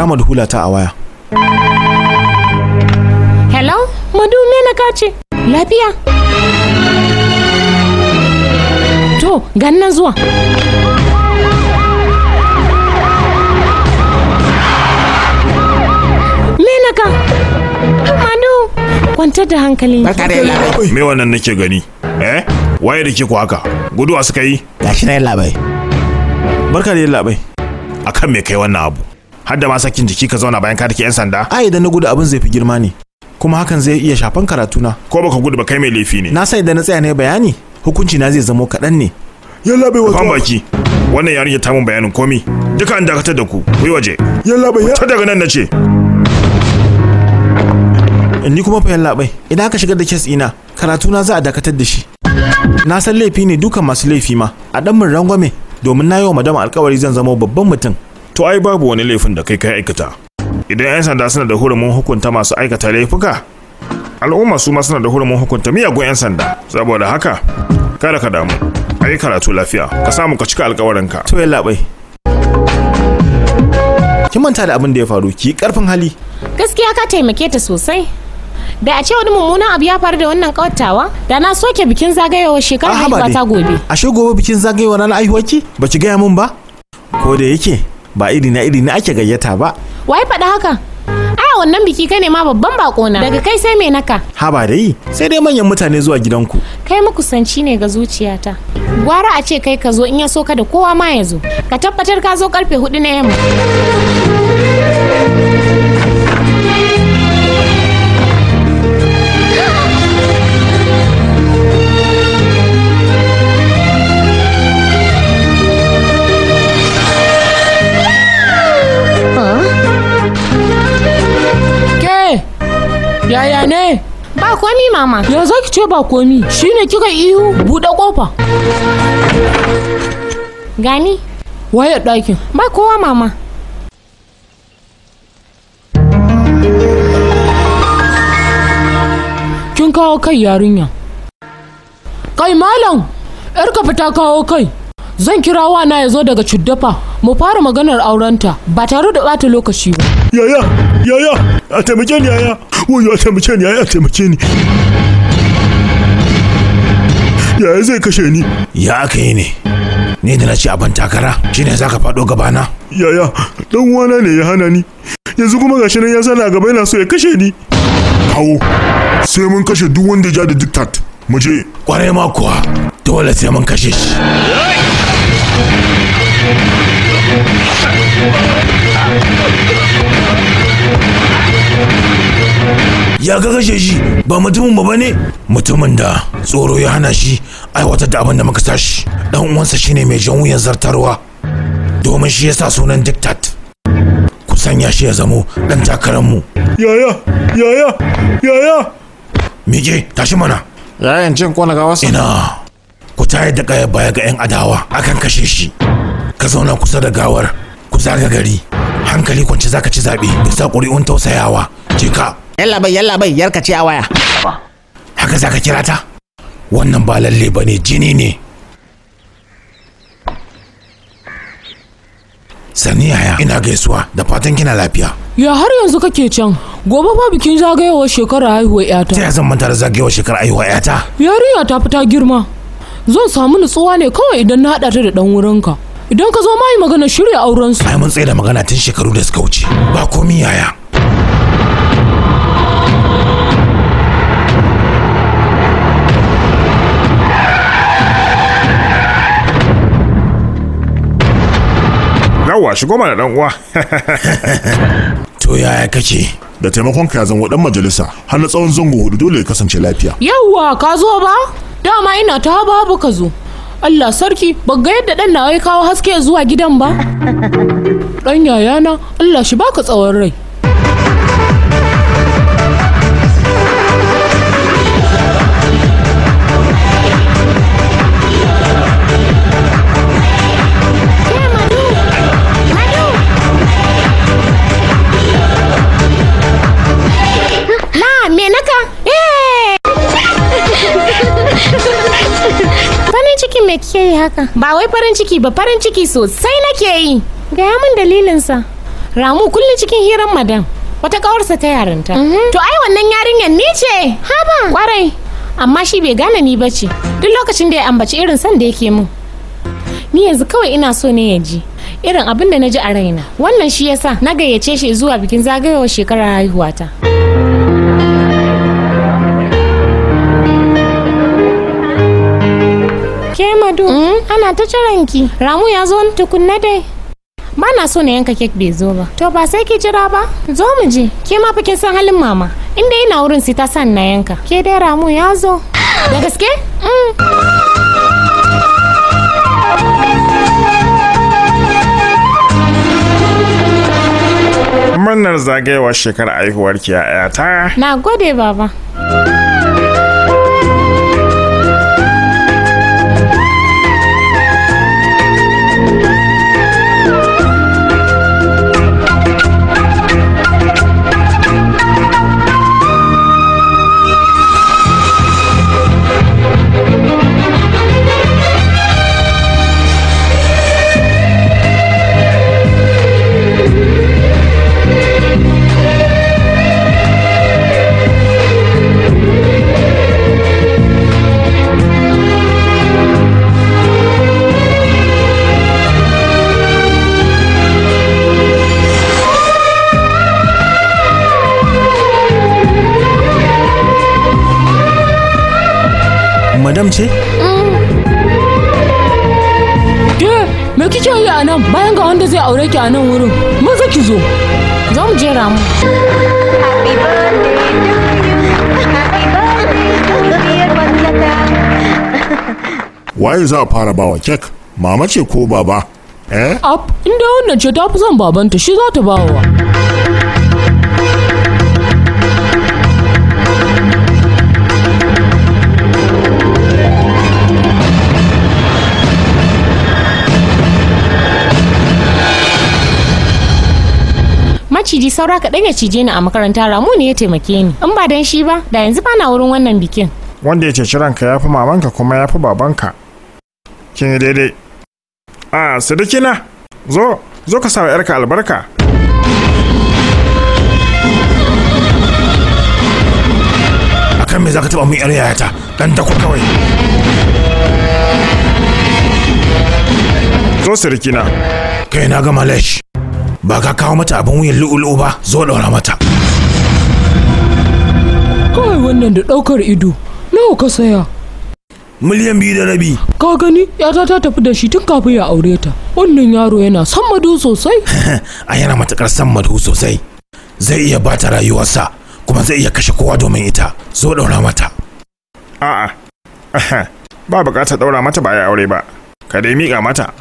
kira hula ta a waya hello madu na kace lafiya to gannan zuwa menaka madu kwantar da hankali me wannan nake gani eh waye da ke ku haka guduwa suka yi gashi na labai barka da labai akan me kai wannan abu har da ma sakin jiki ka zauna bayan ka take yan sanda ai idan na gudu abin zai fi girma ne kuma hakan zai iya shafan karatuna ko baka gudu ba kai mai laifi ne na sai da na tsaya ne bayani hukunci na zai zamo kaɗan ne yalla bai wato baki wannan yarin ya tamun bayanin komi duka an dakatar da ku ku yi waje yalla bai ta daga nan na ce ni kuma fa yalla bai idan aka shigar da kes ina karatuna za a dakatar da shi na san laifi ne dukan masu laifi ma a dan mun rangwame domin na yi wa madama alkawari zan zama babban mutum to ai babu wani laifin da kai ka aikata idan 'yan sanda suna da hurumin hukunta masu aikata laifuka al'umma su ma suna da hurumin hukunta miyagun 'yan sanda saboda haka kada ka damu a yi karatu lafiya ka samu ka cika alkawarinka to yalla bai kin manta da abin da ya faru ki karfin hali gaskiya ka taimake ta sosai da a ce wani mummunan abu ya faru da wannan kawatawa da na soke bikin zagayowar shekarar haihuwa ta gobe ashe gobe bikin zagayowar ranar haihuwa ki ki gaya mun ba ko da yake ba iri na iri na ake gayyata ba wai faɗi haka a wannan biki kai ne ma babban bako na daga kai sai me naka ha ba dai sai dai manyan mutane zuwa gidanku kai makusanci ne ga zuciyata gwara a ce kai ka zo in ya so ka da kowa ma ya zo ka tabbatar ka zo karfe hudu na yamma Yaya ne? Ba komi mama. Ya za ki ce ba komi? Shine kika ihu buɗe ƙofa. Gani? Waye ɗakin? Ba kowa mama. Kin kawo kai yarinya. Kai malam, 'yarka fita kawo kai. zan kira wana ya zo daga cuddafa mu fara maganar aurenta ba tare da bata lokaci ba yaya yaya a taimake ni yaya wayo a taimake ni yaya a taimake ni yaya zai kashe ni ya aka yi ne ni da na ci abin takara shine zaka faɗo gabana yaya dan wana ne ya hana ni yanzu kuma gashi nan ya a gaba yana so ya kashe ni kawo sai mun kashe duk wanda ya ja da diktat mu je kwarai ma kuwa dole sai mun kashe shi ya ga kashe shi ba mutumin ba ne mutumin da tsoro ya hana shi aiwatar da abin da muka tashi dan uwansa shine mai jan wuyan zartarwa domin shi yasa sunan diktat ku sanya shi ya zamo dan takararmu yaya yaya yaya mike tashi mana yayan cin kwana gawa ina ku tayar da ƙaya baya ga 'yan adawa akan kashe shi ka zauna kusa da gawar ku zaga gari hankali za zaka ci zaɓe bisa ƙuri'un tausayawa je ka yalla bai yalla bai yarka ce a waya haka zaka kira ta wannan ba lalle ba ne jini ne sani yaya ina gaisuwa da fatan kina lafiya ya har yanzu kake can gobe ba bikin zagayowar shekarar haihuwar yata ta ya zan manta da zagayowar shekarar haihuwar yata yarinya ta fita girma zan samu nutsuwa ne kawai idan na haɗa ta da ɗan wurinka idan ka zo mai magana shirya auren su ai mun tsaye da magana tun shekaru da suka wuce ba komi yaya yawa shigo mana ɗan uwa to yaya kake da taimakon ka zan dan majalisa har na tsawon zango hudu dole ya kasance lafiya yawa ka zo ba dama ina ta babu ka zo Allah sarki ga yadda dan na ya kawo haske zuwa gidan ba dan yayana Allah shi baka tsawon rai me naka me kike yi haka? Ba wai farin ciki ba farin ciki sosai nake yi. Gaya min dalilinsa. Ramu kullum cikin hirar madam. Wata kawarsa ta yarinta. Mhm. To ai wannan yarinyar ni ce. Haba. Kwarai. Amma shi bai gane ni bace. Duk lokacin da ya ambaci irin san da yake min. Ni yanzu kawai ina so ne ya ji. Irin abin da na ji a raina. Wannan shi yasa na gayyace shi zuwa bikin zagayowar shekarar haihuwata. Ke madu, mm? ana ta ciranki. Ramu ya zo tukunna dai. Ba na so na yanka kek bai zo ba. To ba sai ki jira ba. Zo mu je. Ke ma fa kin san halin mama. Inda ina wurin sai ta san na yanka. Ke dai Ramu ya zo. Da gaske? Mm. Murnar zagayewar shekarar aihuwar a 'yata. Na gode baba. a nan wurin maza ki zo zo mu jera mu waye za a fara bawa kek mama ce ko baba eh inda wannan ce ta fi son babanta shi za ta bawa maciji saura ɗan ya cije ni a makaranta ramu ne ya taimake ni in ba dan shi ba da yanzu ba na wurin wannan bikin wanda ya ceci ranka ya fi mamanka kuma ya fi babanka kin yi daidai a sadakina zo zo ka sa yarka albarka akan me za ka taɓa mun yar yayata dan ku kawai zo sirikina kai na gama lash ba ka kawo mata abin wuyan lu'ul'u ba zo ɗaura mata kawai wannan da ɗaukar ido nawa ka saya miliyan biyu da rabi ka gani yata ta tafi da shi tun kafin ya aure ta wannan yaro yana son madu sosai a yana matuƙar san madu sosai zai iya bata rayuwarsa kuma zai iya kashe kowa domin ita zo ɗaura mata a'a ba bukatar ɗaura mata ba ya aure ba ka dai miƙa mata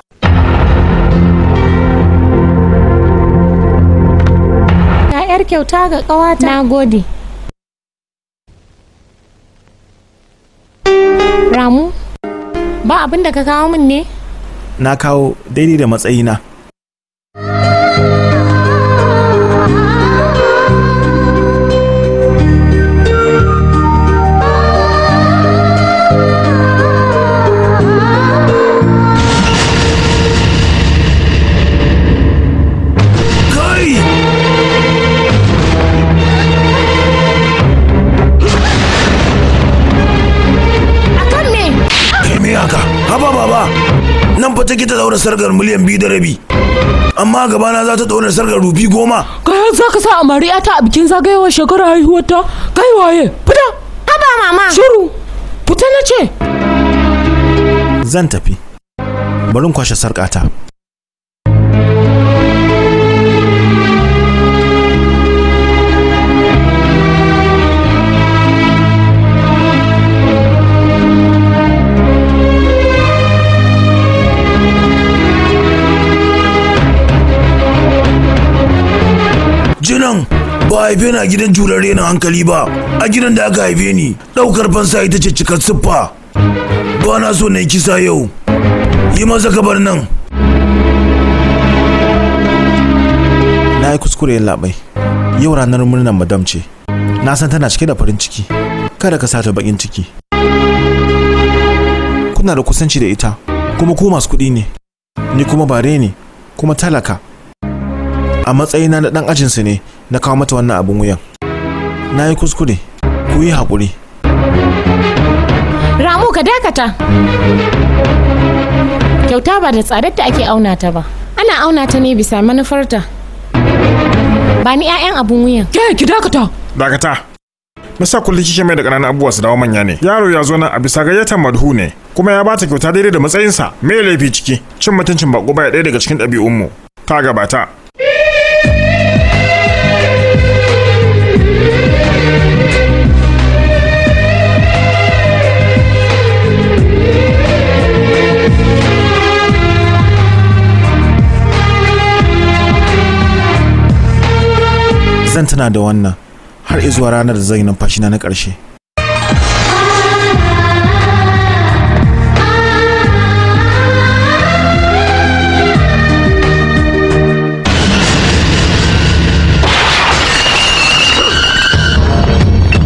yar kyauta ga ƙawata na gode ramu ba abin da ka kawo min ne na kawo daidai da matsayina wata ke ta daura sargar miliyan biyu da rabi amma gabana za ta daura sargar rufi goma kai za ka sa amariya ta a bikin zagayowar shekarar haihuwar ta kai waye fita haba mama shiru fita na ce zan tafi barin kwashe sarƙata nan ba haife ni a gidan jurare na hankali ba a gidan da aka haife ni ɗaukar fansa ita ce cikar siffa ba na so na yi kisa yau yi maza ka bar nan na yi kuskure yin labai yau ranar murnar madam ce na san tana cike da farin ciki kada ka sata bakin ciki kuna da kusanci da ita kuma ku masu kuɗi ne ni kuma bare ne kuma talaka a matsayina na ɗan ajinsu ne na kawo mata wannan abin wuyan na yi kuskure ku yi haƙuri ramu ka dakata kyauta ba da tsadar da ake auna ta ba ana auna ta ne bisa manufarta ba ni 'ya'yan abin wuyan ke ki dakata dakata Masa kulli kike mai da ƙananan abubuwa su dawo manya ne. Yaro ya zo nan a bisa gayyatar madhu ne, kuma ya bata kyauta daidai da matsayinsa. mai laifi ciki? Cin mutuncin bako baya ɗaya daga cikin ɗabi'unmu. Ta gabata. zan tana da wannan har izuwa ranar da zan yi numfashi na na ƙarshe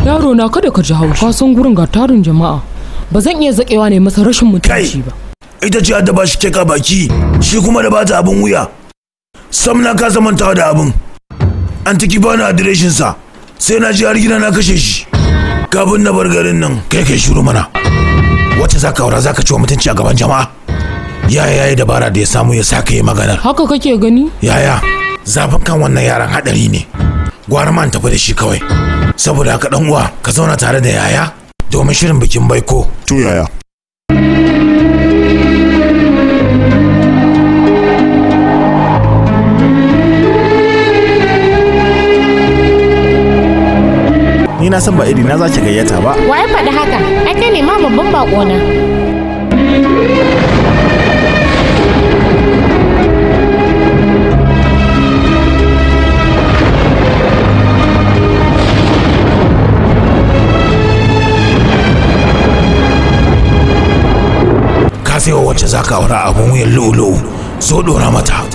yaro na kada ka ji haushi san gurin ga tarin jama'a ba zan iya zakewa ne masa rashin mutunci ba ita ce da ba shi keka baki shi kuma da ba ta abin wuya sam na kasa mantawa da abin an taki bani adireshinsa sai na ji har gida na kashe shi kafin na bar garin nan kai kai shiru mana wacce za ka aura za ka ci wa mutunci a gaban jama'a yaya ya dabara da ya samu ya saka yi maganar haka kake gani yaya zafin kan wannan yaran hadari ne gwara man tafi da shi kawai saboda haka dan uwa ka zauna tare da yaya domin shirin bikin baiko to yaya ni na san ba iri na zaki gayyata ba wa faɗi haka ai kai ne ma babban bako na ka sayo wacce zaka aura abun wuyan lulu zo dora mata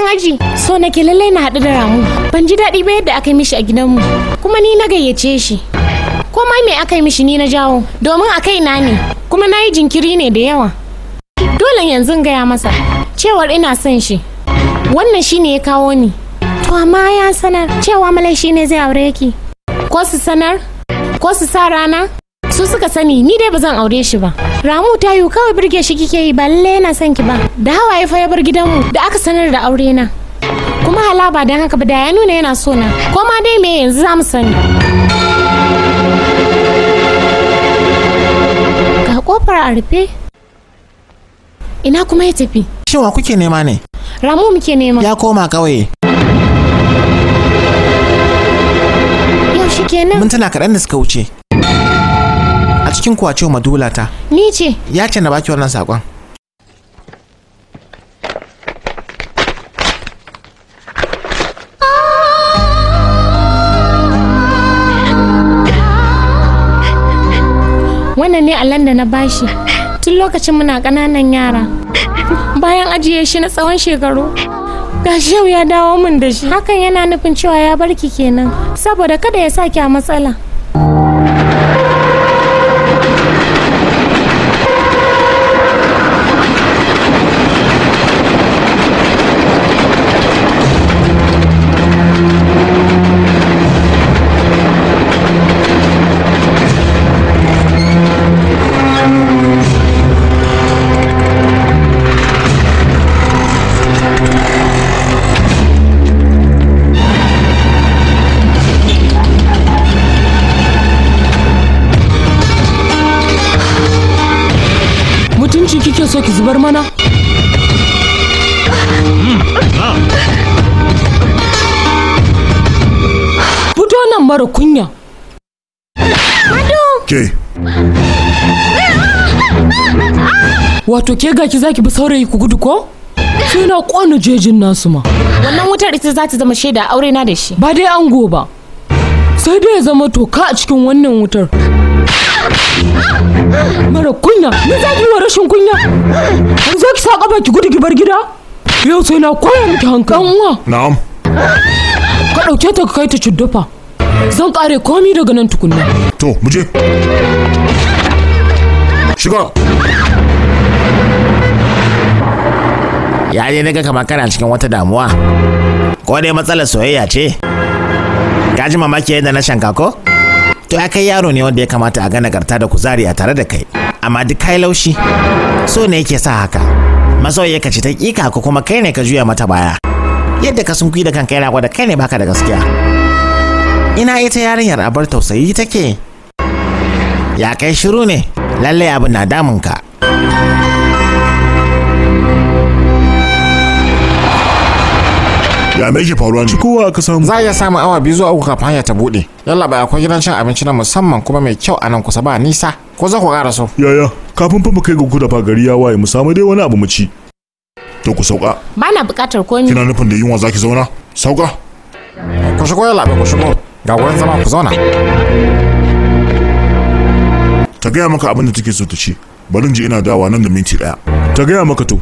nan aji so na ke lallai na haɗu da ramu ban ji daɗi ba yadda aka yi mishi a gidanmu kuma ni na gayyace shi Ko mai aka yi mishi ni na jawo domin a kai na ne kuma na yi jinkiri ne da yawa dole yanzu gaya masa cewar ina son shi wannan shi ne ya kawo ni to amma ya sanar cewa malai ne zai aure ki ko su sanar ko su sa rana su suka sani ni dai ba zan aure shi ba Ramu ta yi kawai birge shi kike yi balle na son ki ba. Da hawaye fa ya bar gidanmu da aka sanar da aure na. Kuma hala ba dan haka ba da ya nuna yana so na. Ko ma dai me yanzu za mu sani. Ga kofar a rufe. Ina kuma ya tafi. Shin wa kuke nema ne? Ramu muke nema. Ya koma kawai. Yau shi kenan. tana kaɗan da suka wuce. a cikin kwace madula ta ni ce ya ce na baki wannan sakon wannan ne allon da na bashi tun lokacin muna ƙananan yara bayan ajiye shi na tsawon shekaru Ga yau ya dawo min da shi hakan yana nufin cewa ya barki kenan saboda kada ya sake a matsala kike so ki zubar mana fito nan mara kunya ke wato ke gaki zaki bi saurayi ku gudu ko sai na jejin nasu ma wannan wutar ita za ta zama shaida aure na da shi ba dai ango ba sai dai ya zama toka a cikin wannan wutar mara kunya ni za ki wa rashin kunya har zo ki sa kafa ki gudu ki bar gida yau sai na koya miki hankali uwa na'am ka dauke ta ka kai ta cuddufa zan kare komi daga nan tukunna to mu shiga ya ne naga kamar kana cikin wata damuwa ko dai matsalar soyayya ce Ka ji mamaki yadda na shanka ko? To ya kai yaro ne wanda ya kamata a ga nagarta da kuzari a tare da kai. Amma duk kai laushi. So ne yake sa haka. Masoyi ka ci ta kika ko kuma kai ne ka juya mata baya. Yadda ka sunkuyi da kanka yana gwada kai ne baka da gaskiya. Ina ita yarinyar abar tausayi take. Ya kai shiru ne. Lallai abin na damun ka. ya mai yake faruwa ne kowa ka samu za a iya samun awa biyu zuwa uku kafin hanya ta bude yalla ba akwai gidan cin abinci na musamman kuma mai kyau a nan kusa ba nisa ko za ku ƙara so yaya kafin fa mu kai ga da fa gari ya waye mu samu dai wani abu mu ci to ku sauka ba na buƙatar komi kina nufin da yunwa zaki zauna sauka ku shigo yalla ba ku shigo ga wurin zama ku zauna ta gaya maka abin da take so ta ci bari ji ina dawa nan da minti daya ta gaya maka to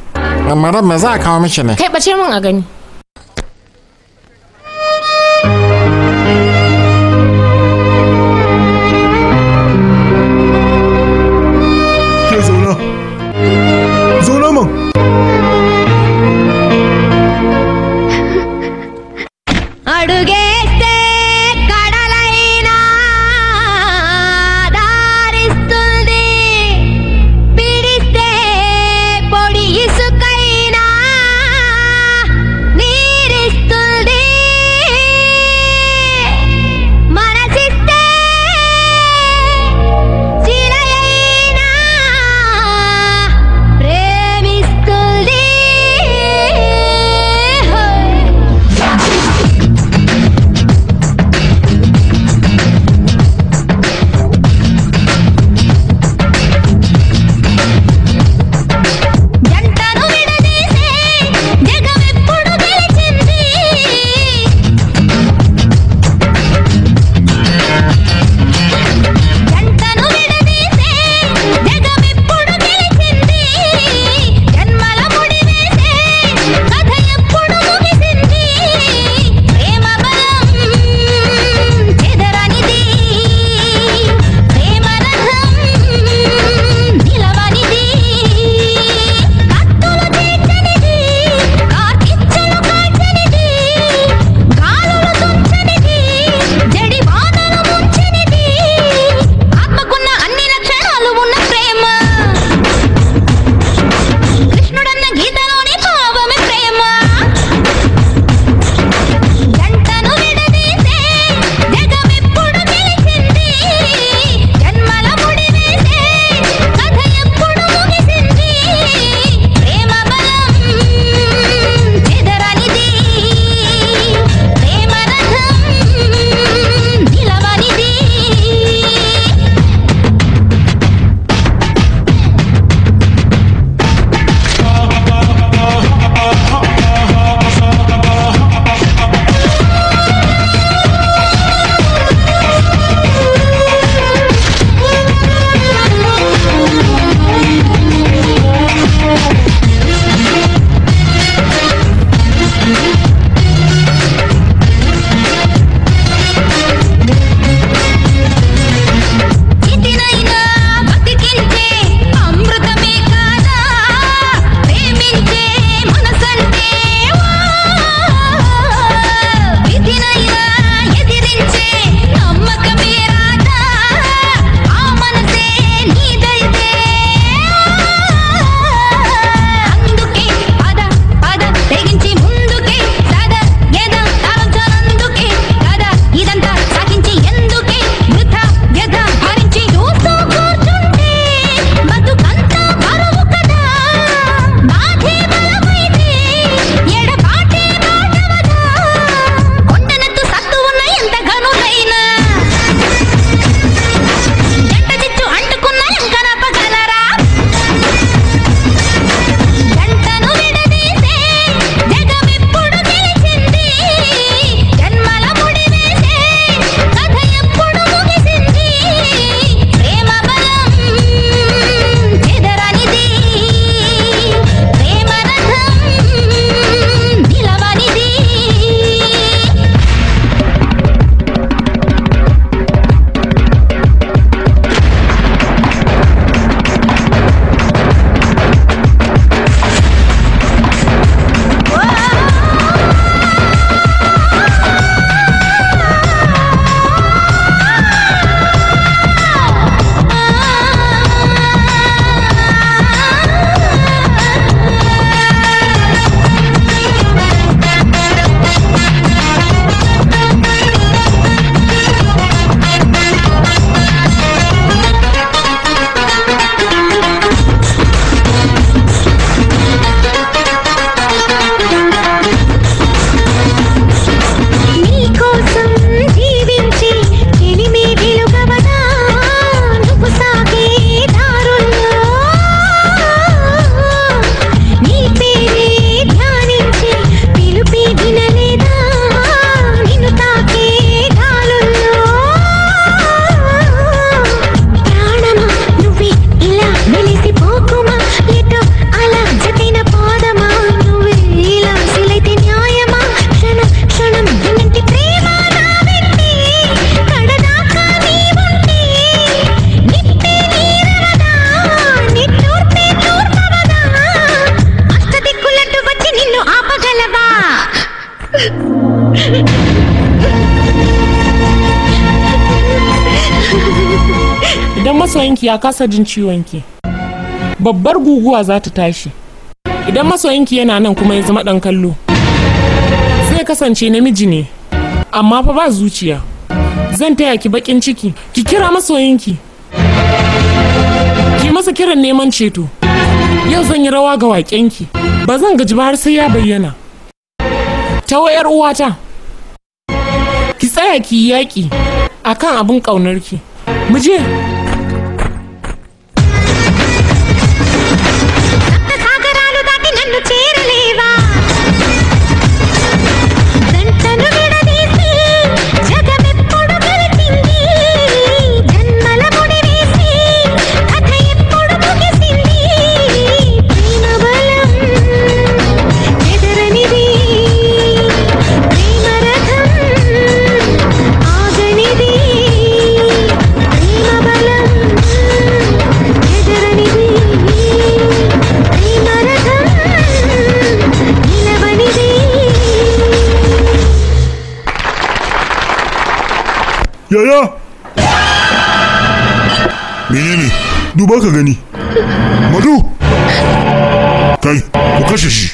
madam me za a kawo miki ne kai bace min a gani a kasa jin ciwon ki babbar guguwa za ta tashi idan masoyinki yana nan kuma ya zama ɗan kallo zai kasance namiji ne amma fa ba zuciya zan taya ki bakin ciki ki kira masoyinki ki masa kiran neman ceto yau zan yi rawa ga waƙenki ba zan gaji ba har sai ya bayyana ta wayar uwata ki tsaya ki yaƙi akan abin ƙaunarki mu je menene duba ka gani madu kai ku kashe shi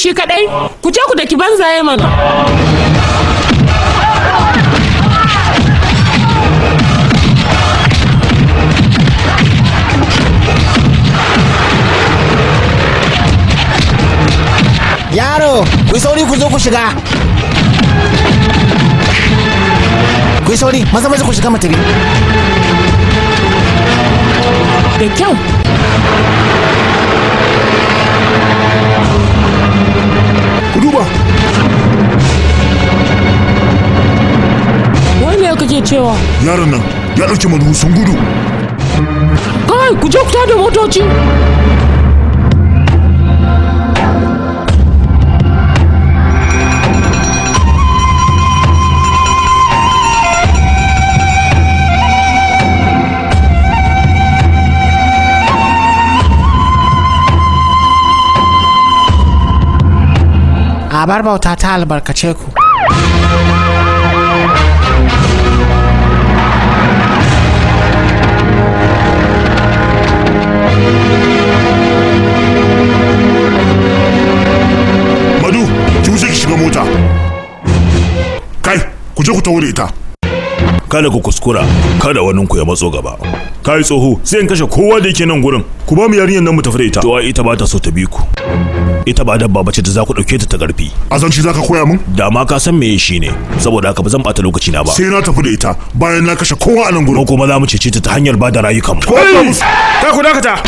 shi kadai ku je ku daki banzaye mana yaro ku sauri ku zo ku shiga ku sauri maza maza ku shiga matabi da kyau kake cewa yaron nan ya ɗauki maduhu sun gudu kai ku je ku tada motoci abar bauta ta albarkace ku je ku taure da kada ku kuskura kada wani ku ya matso gaba kai tsoho sai in kashe kowa da yake nan gurin ku ba mu yarinyar nan mu tafi da ita to ita ba ta so ta bi ku ita ba dabba bace da za ku dauke ta ta garfi azanci zaka koya min da ma ka san meye shi ne saboda haka ba zan bata lokaci na ba sai na tafi da ita bayan na kashe kowa a nan gurin ko kuma za mu cece ta ta hanyar ba da rayukan mu kai ku dakata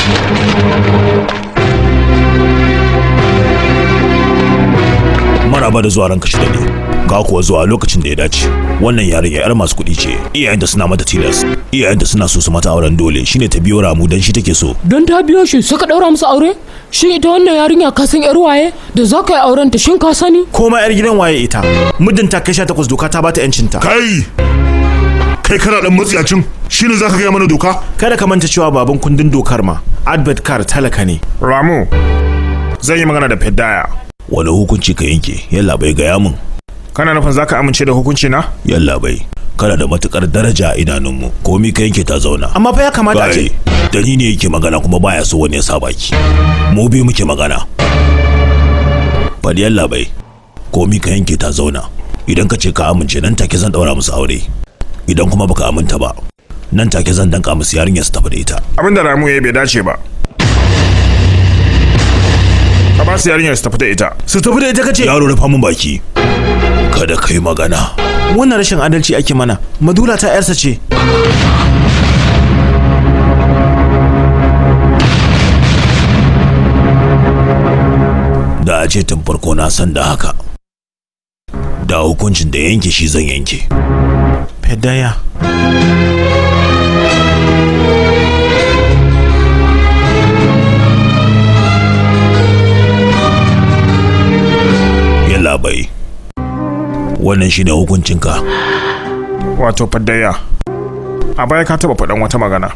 mara ba da zuwa ranka shi ne ga kuwa zuwa lokacin da ya dace wannan yarinya yar masu kuɗi ce da suna mata tilas da suna so su mata auren dole shine ta biyo ramu dan shi take so don ta biyo shi saka daura musu aure shi ita wannan yarinya ka san yar waye da za ka yi auren ta shin ka sani koma yar gidan waye ita muddin ta kai sha takwas doka ta bata yancin ta kai kai kana dan matsiyacin shine ka gaya mana doka kada ka manta cewa baban kundin dokar ma advert car talaka ne ramu zan yi magana da fedaya wani hukunci ka yanke yalla bai gaya min kana nufin zaka amince da hukunci na yalla bai kana da matukar daraja a idanunmu komi ka yanke ta zauna amma fa ya kamata ce da ni ne yake magana kuma baya so wani ya sa baki mu bi muke magana fadi yalla bai komi ka yanke ta zauna idan ka ce ka amince nan take zan daura musu aure idan kuma baka aminta ba nan take zan danka musu yarinyar su tafi da ita abin da ramu ya bai dace ba ka ba su yarinyar su tafi da ita su tafi da ita kace yaro rufa mun baki kada kai magana wannan rashin adalci ake mana madula ta yarsa ce da a ce tun farko na san da haka da hukuncin da yanke shi zan yanke fedaya labai wannan shine hukuncinka wato faddaya a baya ka taba faɗan wata magana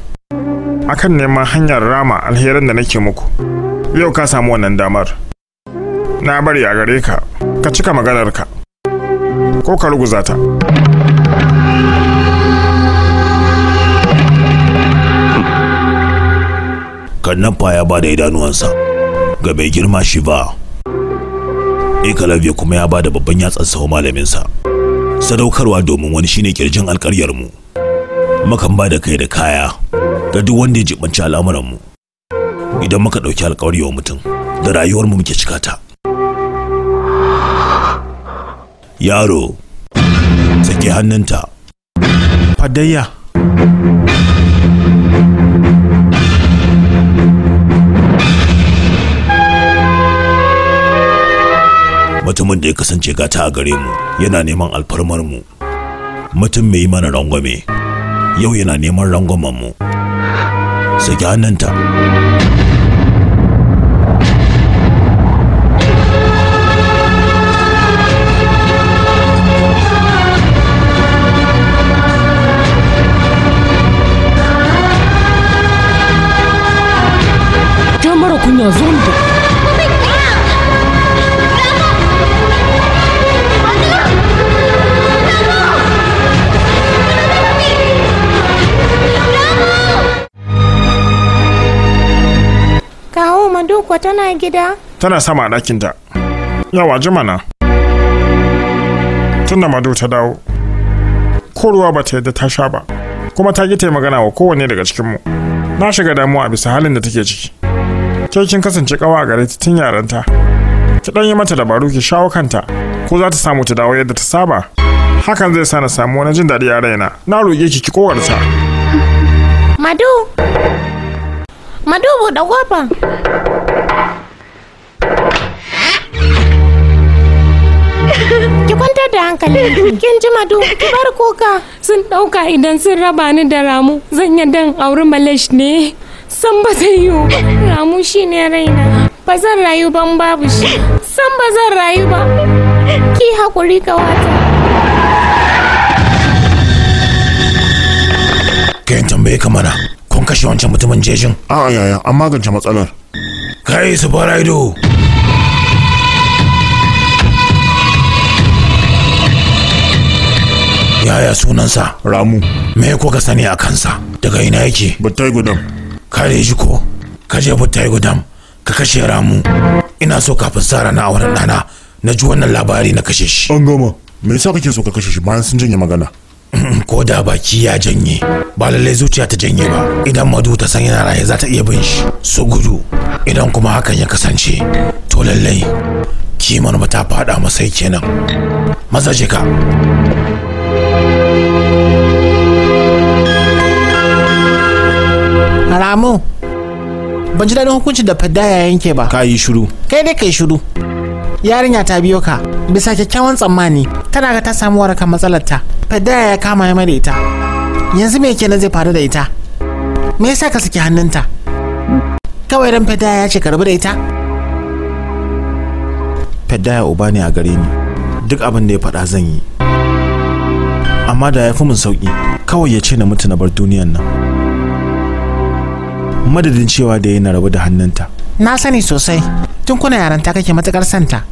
akan neman hanyar rama alherin da nake muku yau ka samu wannan damar na bari a gare ka ka cika maganarka ko ka ruguza ta kannan fa ya ba da idanuwansa ga mai girma shi ba ekalabiya kuma ya bada babban yatsan sahu malaminsa sadaukarwa domin wani shine kirjin mu makan ba da kai da kaya ga duk wanda ya jibanci al'amuranmu idan muka ɗauki alkawari wa mutum da rayuwarmu muke cikata. yaro sake hannunta fadayya mutumin da ya kasance gata a gare mu yana neman alfarmar mu mutum mai mana rangwame yau yana neman rangwamen mu saki hannunta ko tana gida? Tana sama a ɗakinta. Yawa jimana. Tun da mado ta dawo. Ko ruwa ba ta yadda ta sha ba. Kuma ta ƙi magana wa kowanne daga cikin mu Na shiga damuwa a bisa halin da take ciki. Ke kin kasance ƙawa a gare ta tun yaranta. Ki ɗan yi mata dabaru ki shawo kanta. Ko za ta samu ta dawo yadda ta saba. Hakan zai sa na samu wani jin daɗi a raina. Na roƙe ki ki kowarta. Madu! Madu buɗe kofan. kwantar da hankali kin ji madu ki bar kuka sun dauka idan sun raba ni da ramu zan yi dan auri malesh ne san ba zai yiwu ba ramu shine raina ba zan rayu ban babu shi san ba zan rayu ba ki hakuri ka wata kayan tambaye ka mana kun kashe wancan mutumin jejin a'a yaya an magance matsalar kai su fara ido yaya sunansa ramu me kuka sani a kansa daga ina yake buttai gudam kare shi ko ka je buttai gudam ka kashe ramu ina so kafin sa rana a wurin na ji wannan labari na kashe shi an gama me yasa kake so ka kashe shi bayan sun janye magana ko da baki ya janye ba lallai zuciya ta janye ba idan madu ta san yana raye za ta iya bin shi su gudu idan kuma hakan ya kasance to lallai kimar ta faɗa masai kenan maza ka Ramu, ban ji daɗin hukunci da fadda ya yanke ba. Ka yi shiru. Kai dai ka yi shiru. Yarinya ta biyo ka bisa kyakkyawan tsammani tana ga ta samu warakan matsalar ta. Fadda ya kama ya da ita. Yanzu me kenan zai faru da ita? Me yasa ka saki hannunta? Kawai dan fadda ya ce karbi da ita? Fadda ya uba ne a gare ni. Duk abin da ya faɗa zan yi. amma da ya fi mun sauki. kawai ya ce na mutu na bar duniyan nan madadin cewa da ya na rabu da hannunta na sani sosai tun kuna ta kake matukar santa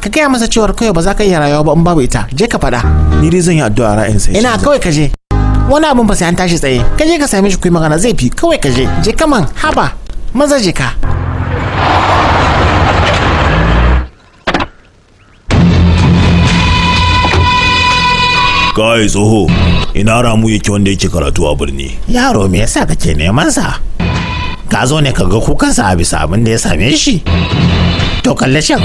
ka gaya masa cewar kawai ba za ka iya rayuwa ba in babu ita je ka faɗa ni dai zan yi addu'a ra'ayin sai ina kawai ka je wani abin ba sai an tashi tsaye ka je ka same shi kuyi magana zai fi kawai ka je je kaman haba maza je ka Kai tsoho, ina ramu yake wanda yake karatu a birni. Yaro me yasa kake neman sa? Ka zo ne ka ga kukansa a bisa abin da ya same shi? To kallashin shan,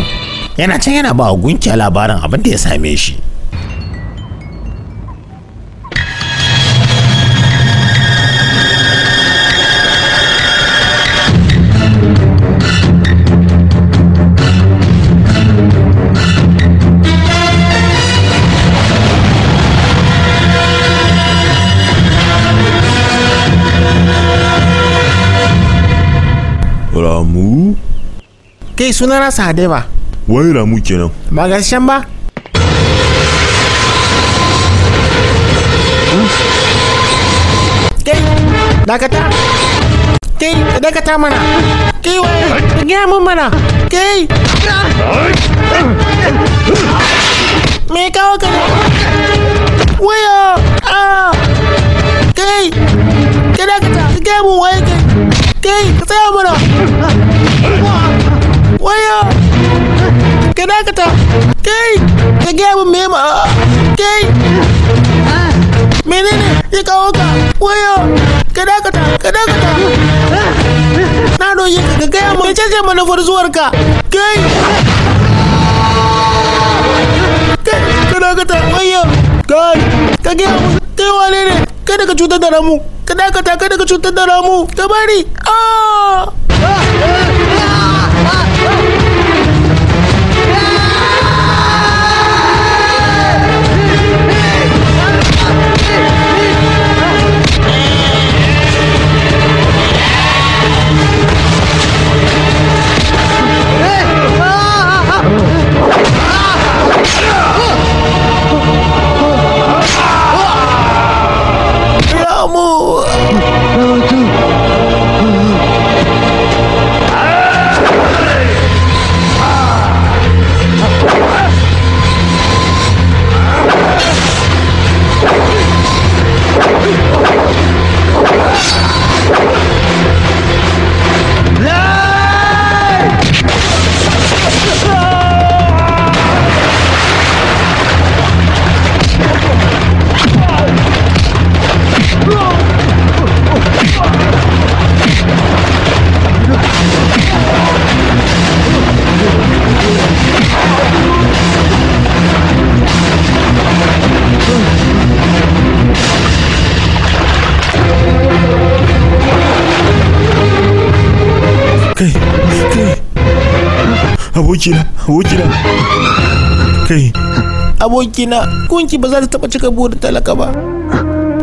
yana can yana ba gunki gunkiya labarin abin da ya same shi. Ke eh, sunana Sahadeva. Wai Ramu kenan. Ba gasken ba? Ke, dakata. Ke, dakata mana. Ke wai, gina mun mana. Ke. Me kawo ka Wayo! Ah! Kai! Ah. Kai dakata, ka gaya mun waye kai! Kai, ka tsaya mana! wayo ka dakata kai ka gaya min mema kai menene ya kawo ka wayo ka dakata ka dakata na roye ka ka gaya min ce manufar zuwarka kai ka dakata wayo kai ka gaya min kai wane ne kada ka cutar da ramu ka ta kada ka cutar da ramu ka bari ah abokina abokina kai abokina kunki ba za ta taba cika buɗe talaka ba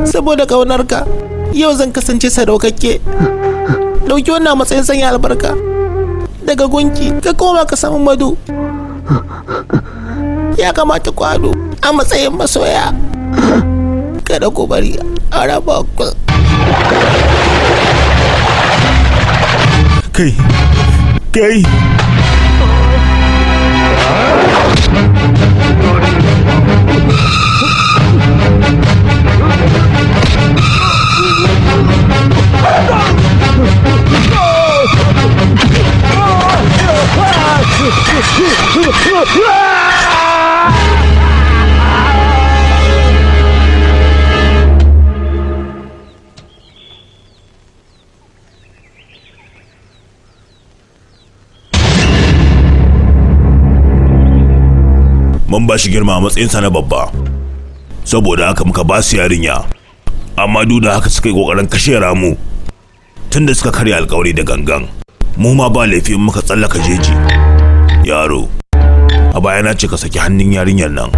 saboda ka yau zan kasance sadaukakke dauki wannan matsayin sanya albarka daga gunki ka koma ka samu madu ya kamata kwado a matsayin masoya kada ku bari a raba ku kai kai girma a matsayinsa na babba saboda haka muka ba su yarinya amma duk da haka suka yi kokarin kashe ramu tunda suka karya alkawari da gangan mu ma ba laifi muka tsallaka jeji yaro a baya na ce ka saki hannun yarinyar nan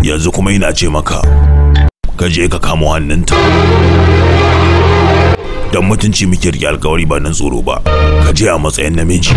yanzu kuma ina ce maka ka je ka kamo hannunta don mutunci muke rike alkawari ba nan tsoro ba ka je a matsayin namiji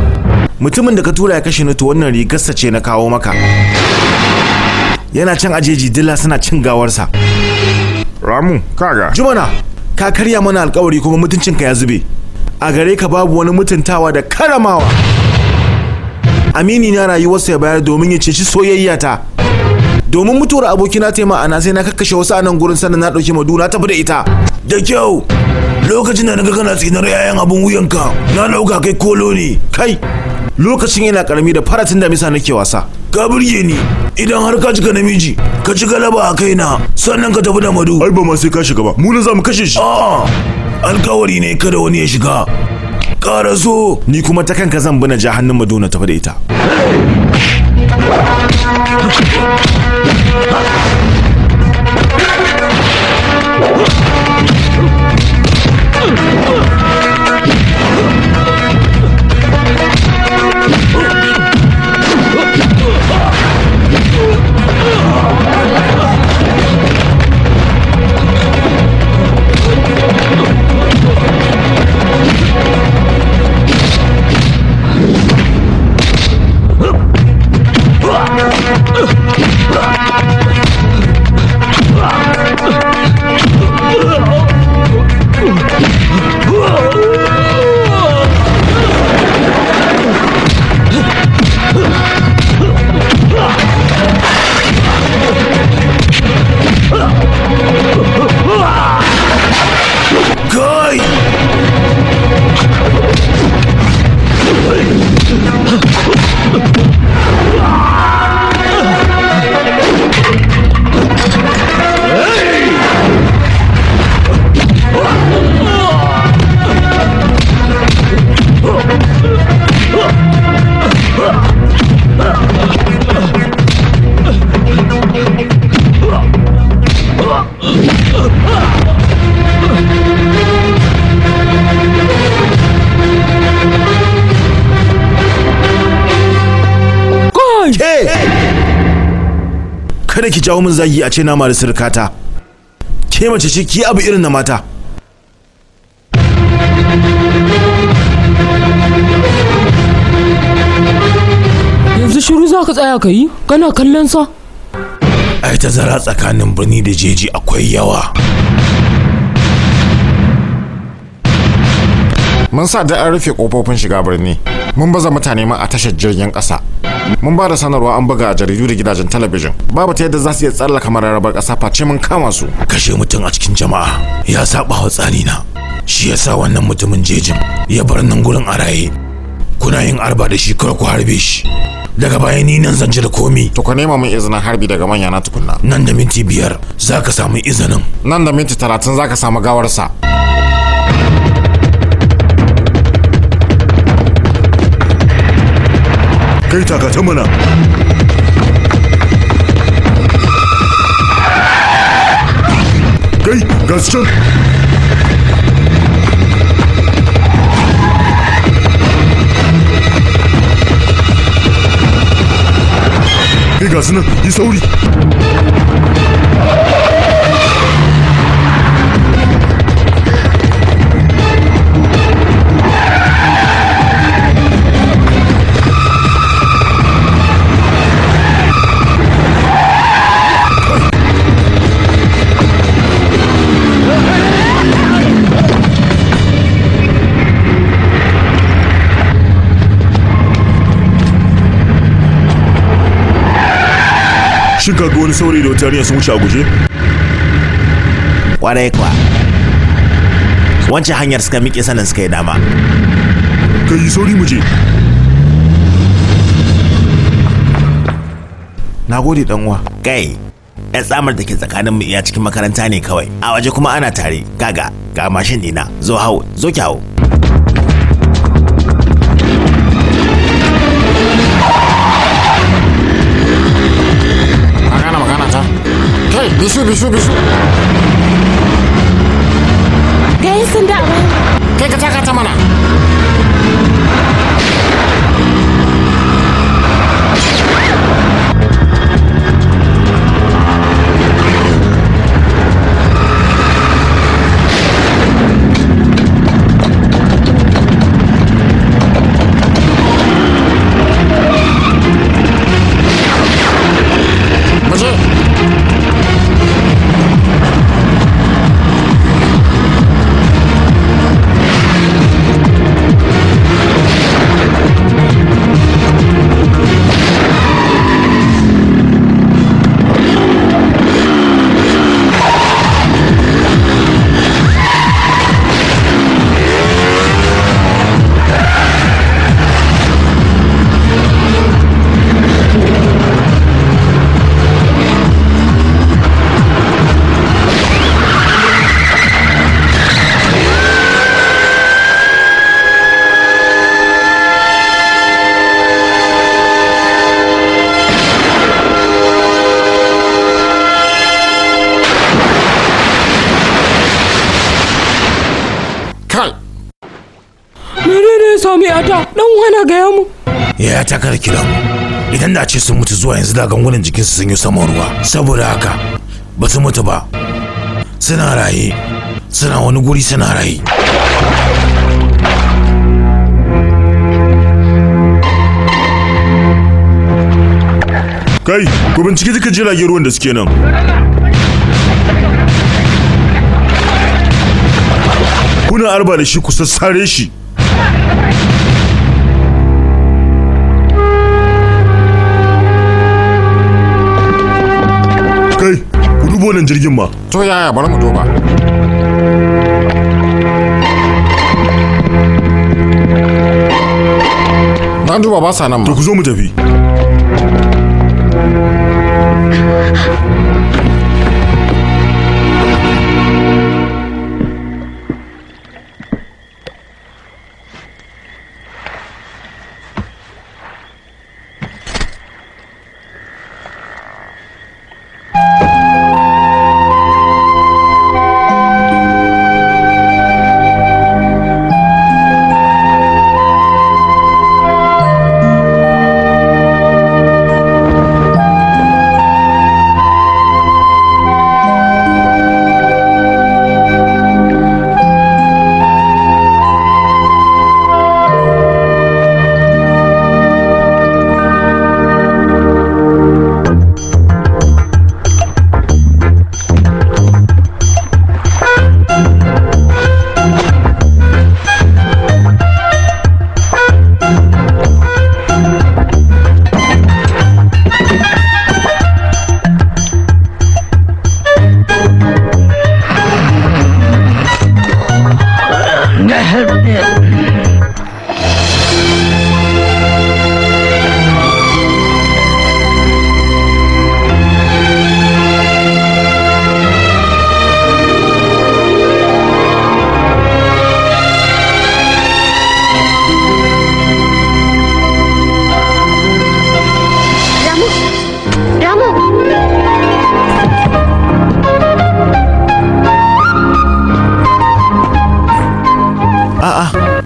mutumin da ka tura ya kashe nutu wannan rigarsa ce na kawo maka yana can ajeji dilla suna cin gawarsa ramu kaga jumana ka karya mana alkawari kuma mutuncinka ya zube a gare ka babu wani mutuntawa da karamawa amini na rayuwarsa ya bayar domin ya ceci soyayya ta domin mutuwar abokina ta ma'ana sai na kakkashe wasu anan gurin sannan na ɗauki maduna tafi da ita da kyau lokacin da na ga kana tsinar yayan abin wuyanka na ɗauka kai kolo ne kai lokacin yana karami da faratin da misa nake wasa ka burge ni idan har ka cika namiji ka ci galaba a kaina sannan ka tafi da madu ai ba ma sai ka shiga ba mu na za mu kashe shi a'a alkawari ne kada wani ya shiga ƙara so. ni kuma ta kanka zan bina ja hannun madu na tafi da ita jawo min zagi a ce nama da sirkata ke mace ce ki abu irin na mata yanzu shiru za ka tsaya ka yi kana kallon sa ai tazara tsakanin birni da jeji akwai yawa mun sa da an rufe kofofin shiga birni mun baza mutane ma a tashar jirgin ƙasa mun ba da sanarwa an buga a jaridu da gidajen talabijin babu ta yadda za su iya tsallaka mararrabar ƙasa face mun kama su kashe mutum a cikin jama'a ya saba wa tsari na shi ya sa wannan mutumin jejin ya bar nan gurin a raye kuna yin arba da shi kawai ku harbe shi daga baya ni nan zan da komi to ka nema min izinin harbi daga manya na tukunna nan da minti biyar za ka samu izinin nan da minti talatin za ka samu gawarsa kai taka mana kai gasken kai gasu nan yi sauri Shin ka ga wani saurayi da wata yarinya sun wuce a guje? Kwarai kuwa. Wancan hanyar suka miƙe sanin suka yi dama. Ka yi sauri mu je. Na gode dan uwa. Kai, ɗan tsamar da ke tsakanin mu iya cikin makaranta ne kawai. A waje kuma ana tare. Kaga, ga mashin dina. Zo hau, zo ki hau. Bicho, bicho, bicho. Gaysin da. que ka taka ta mana. yaya mu ya ta kar idan da ce sun mutu zuwa yanzu da gangunan jikinsu sun yi saman ruwa saboda haka ba su mutu ba suna raye suna wani guri suna raye kai ku binciki duka jiragen ruwan da suke nan kuna arba da shi kusa sare shi dubu jirgin ma to yaya bari mu duba na duba ba sa nan ma to ku zo mu tafi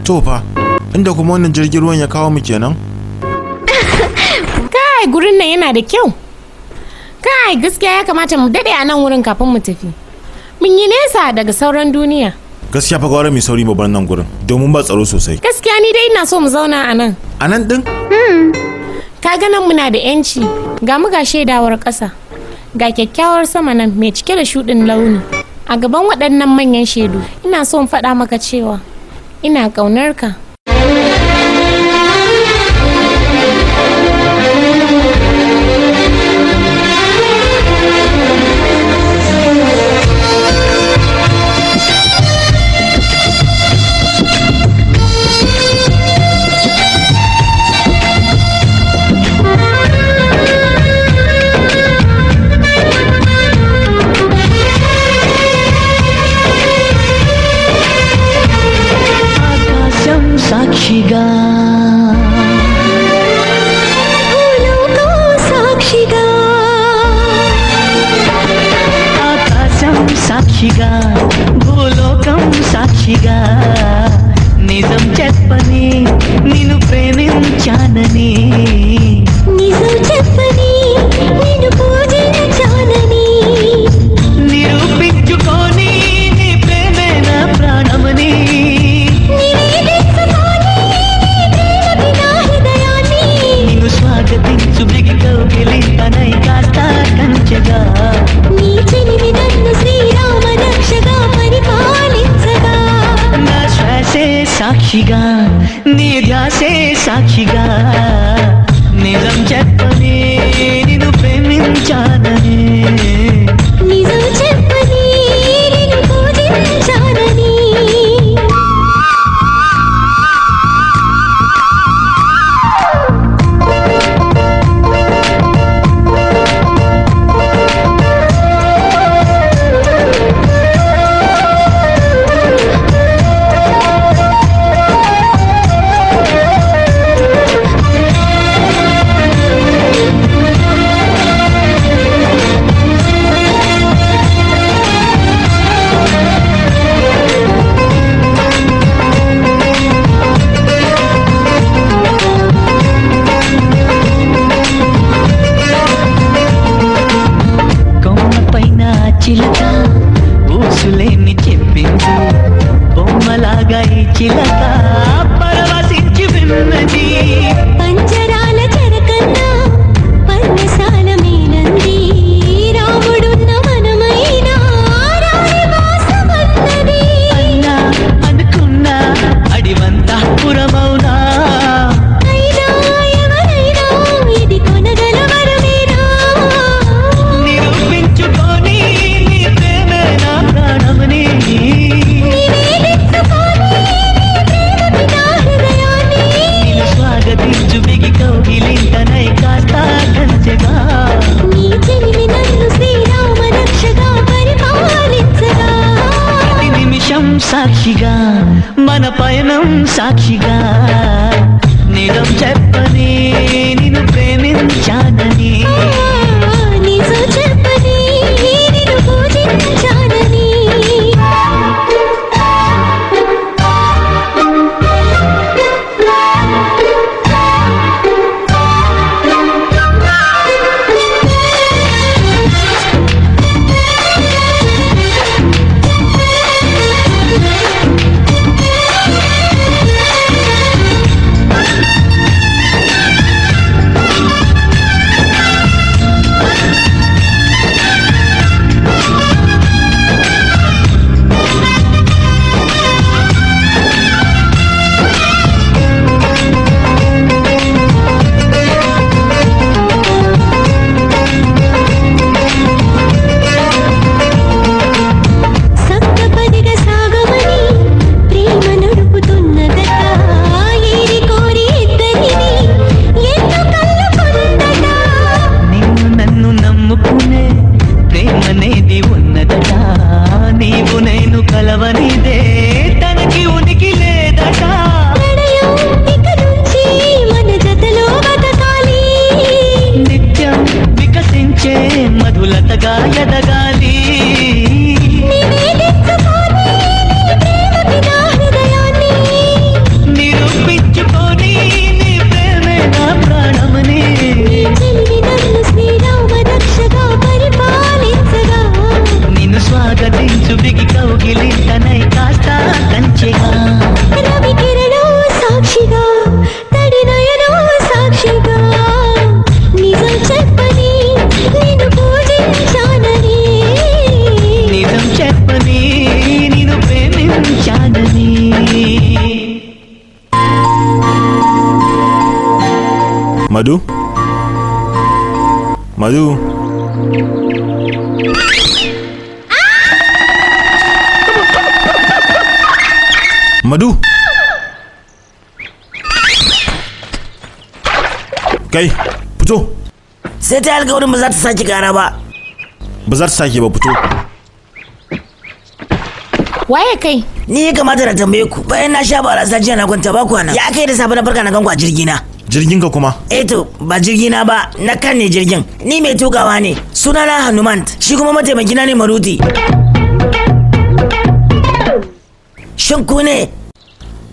to fa inda kuma wannan jirgin ruwan ya kawo mu kenan kai gurin nan yana da kyau kai gaskiya ya kamata mu dade a nan wurin kafin mu tafi mun yi nesa daga sauran duniya gaskiya fa gwara mai sauri mu bar nan gurin domin ba tsaro sosai gaskiya ni dai ina so mu zauna a nan a nan din hmm. ka ga nan muna da yanci ga mu ga shaidawar ƙasa ga kyakkyawar sama nan mai cike da shuɗin launi a gaban waɗannan manyan shaidu ina so in faɗa maka cewa ina ƙaunar ka madu Madu? Madu? kai fito sai ta alkawarin ba za ta sake gara ba ba za ta sake ba fito waye kai ni ya kamata na tambaye ku bayan na sha barasa jiya na kwanta ba kwana ya kai da safe na farka na ganku a jirgi na jirgin ka kuma eto eh ba jirgi na ba na kan ne jirgin ni mai tukawa ne sunana hanuman. shi kuma mataimakina ne maruti shin ku ne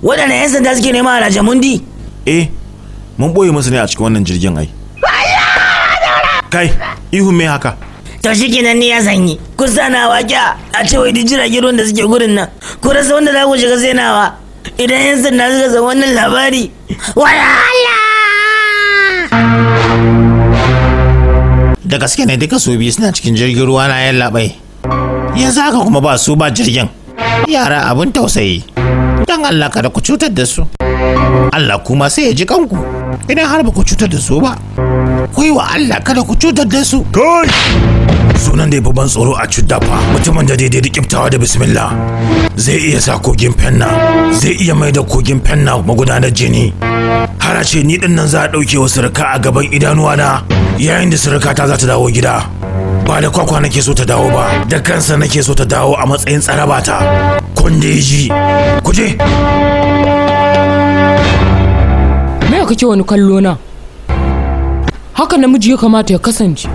waɗanda 'yan sanda suke nema a mundi. eh mun ɓoye musu ne a cikin wannan jirgin ai kai ihu me haka to shi kenan ne ya zanyi ku wa kya a ce wai duk jiragen ruwan da suke gurin nan ku rasa wanda za ku shiga zainawa idan 'yan sanda suka san wannan labari wala da gaske ne duka su biyu suna cikin jirgin ruwa na yan labai yanzu haka kuma ba su ba jirgin yara abin tausayi don allah kada ku cutar da su allah kuma sai ya ji kanku idan har ba ku cutar da su ba ku yi wa allah kada ku cutar da su kai sunan da ya fi ban tsoro a cuddafa mutumin da daidai kiftawa da bismillah zai iya sa kogin fenna zai iya mai da kogin fenna magudanar jini har a ce ni dinnan za a ɗauke wasu raka a gaban idanuwa na. yayin da surukata za ta dawo gida ba da kwakwa nake so ta dawo ba da kansa nake so ta dawo a matsayin tsarabata kun da ji ku je me kake wani kallo na haka namiji ya kamata ya kasance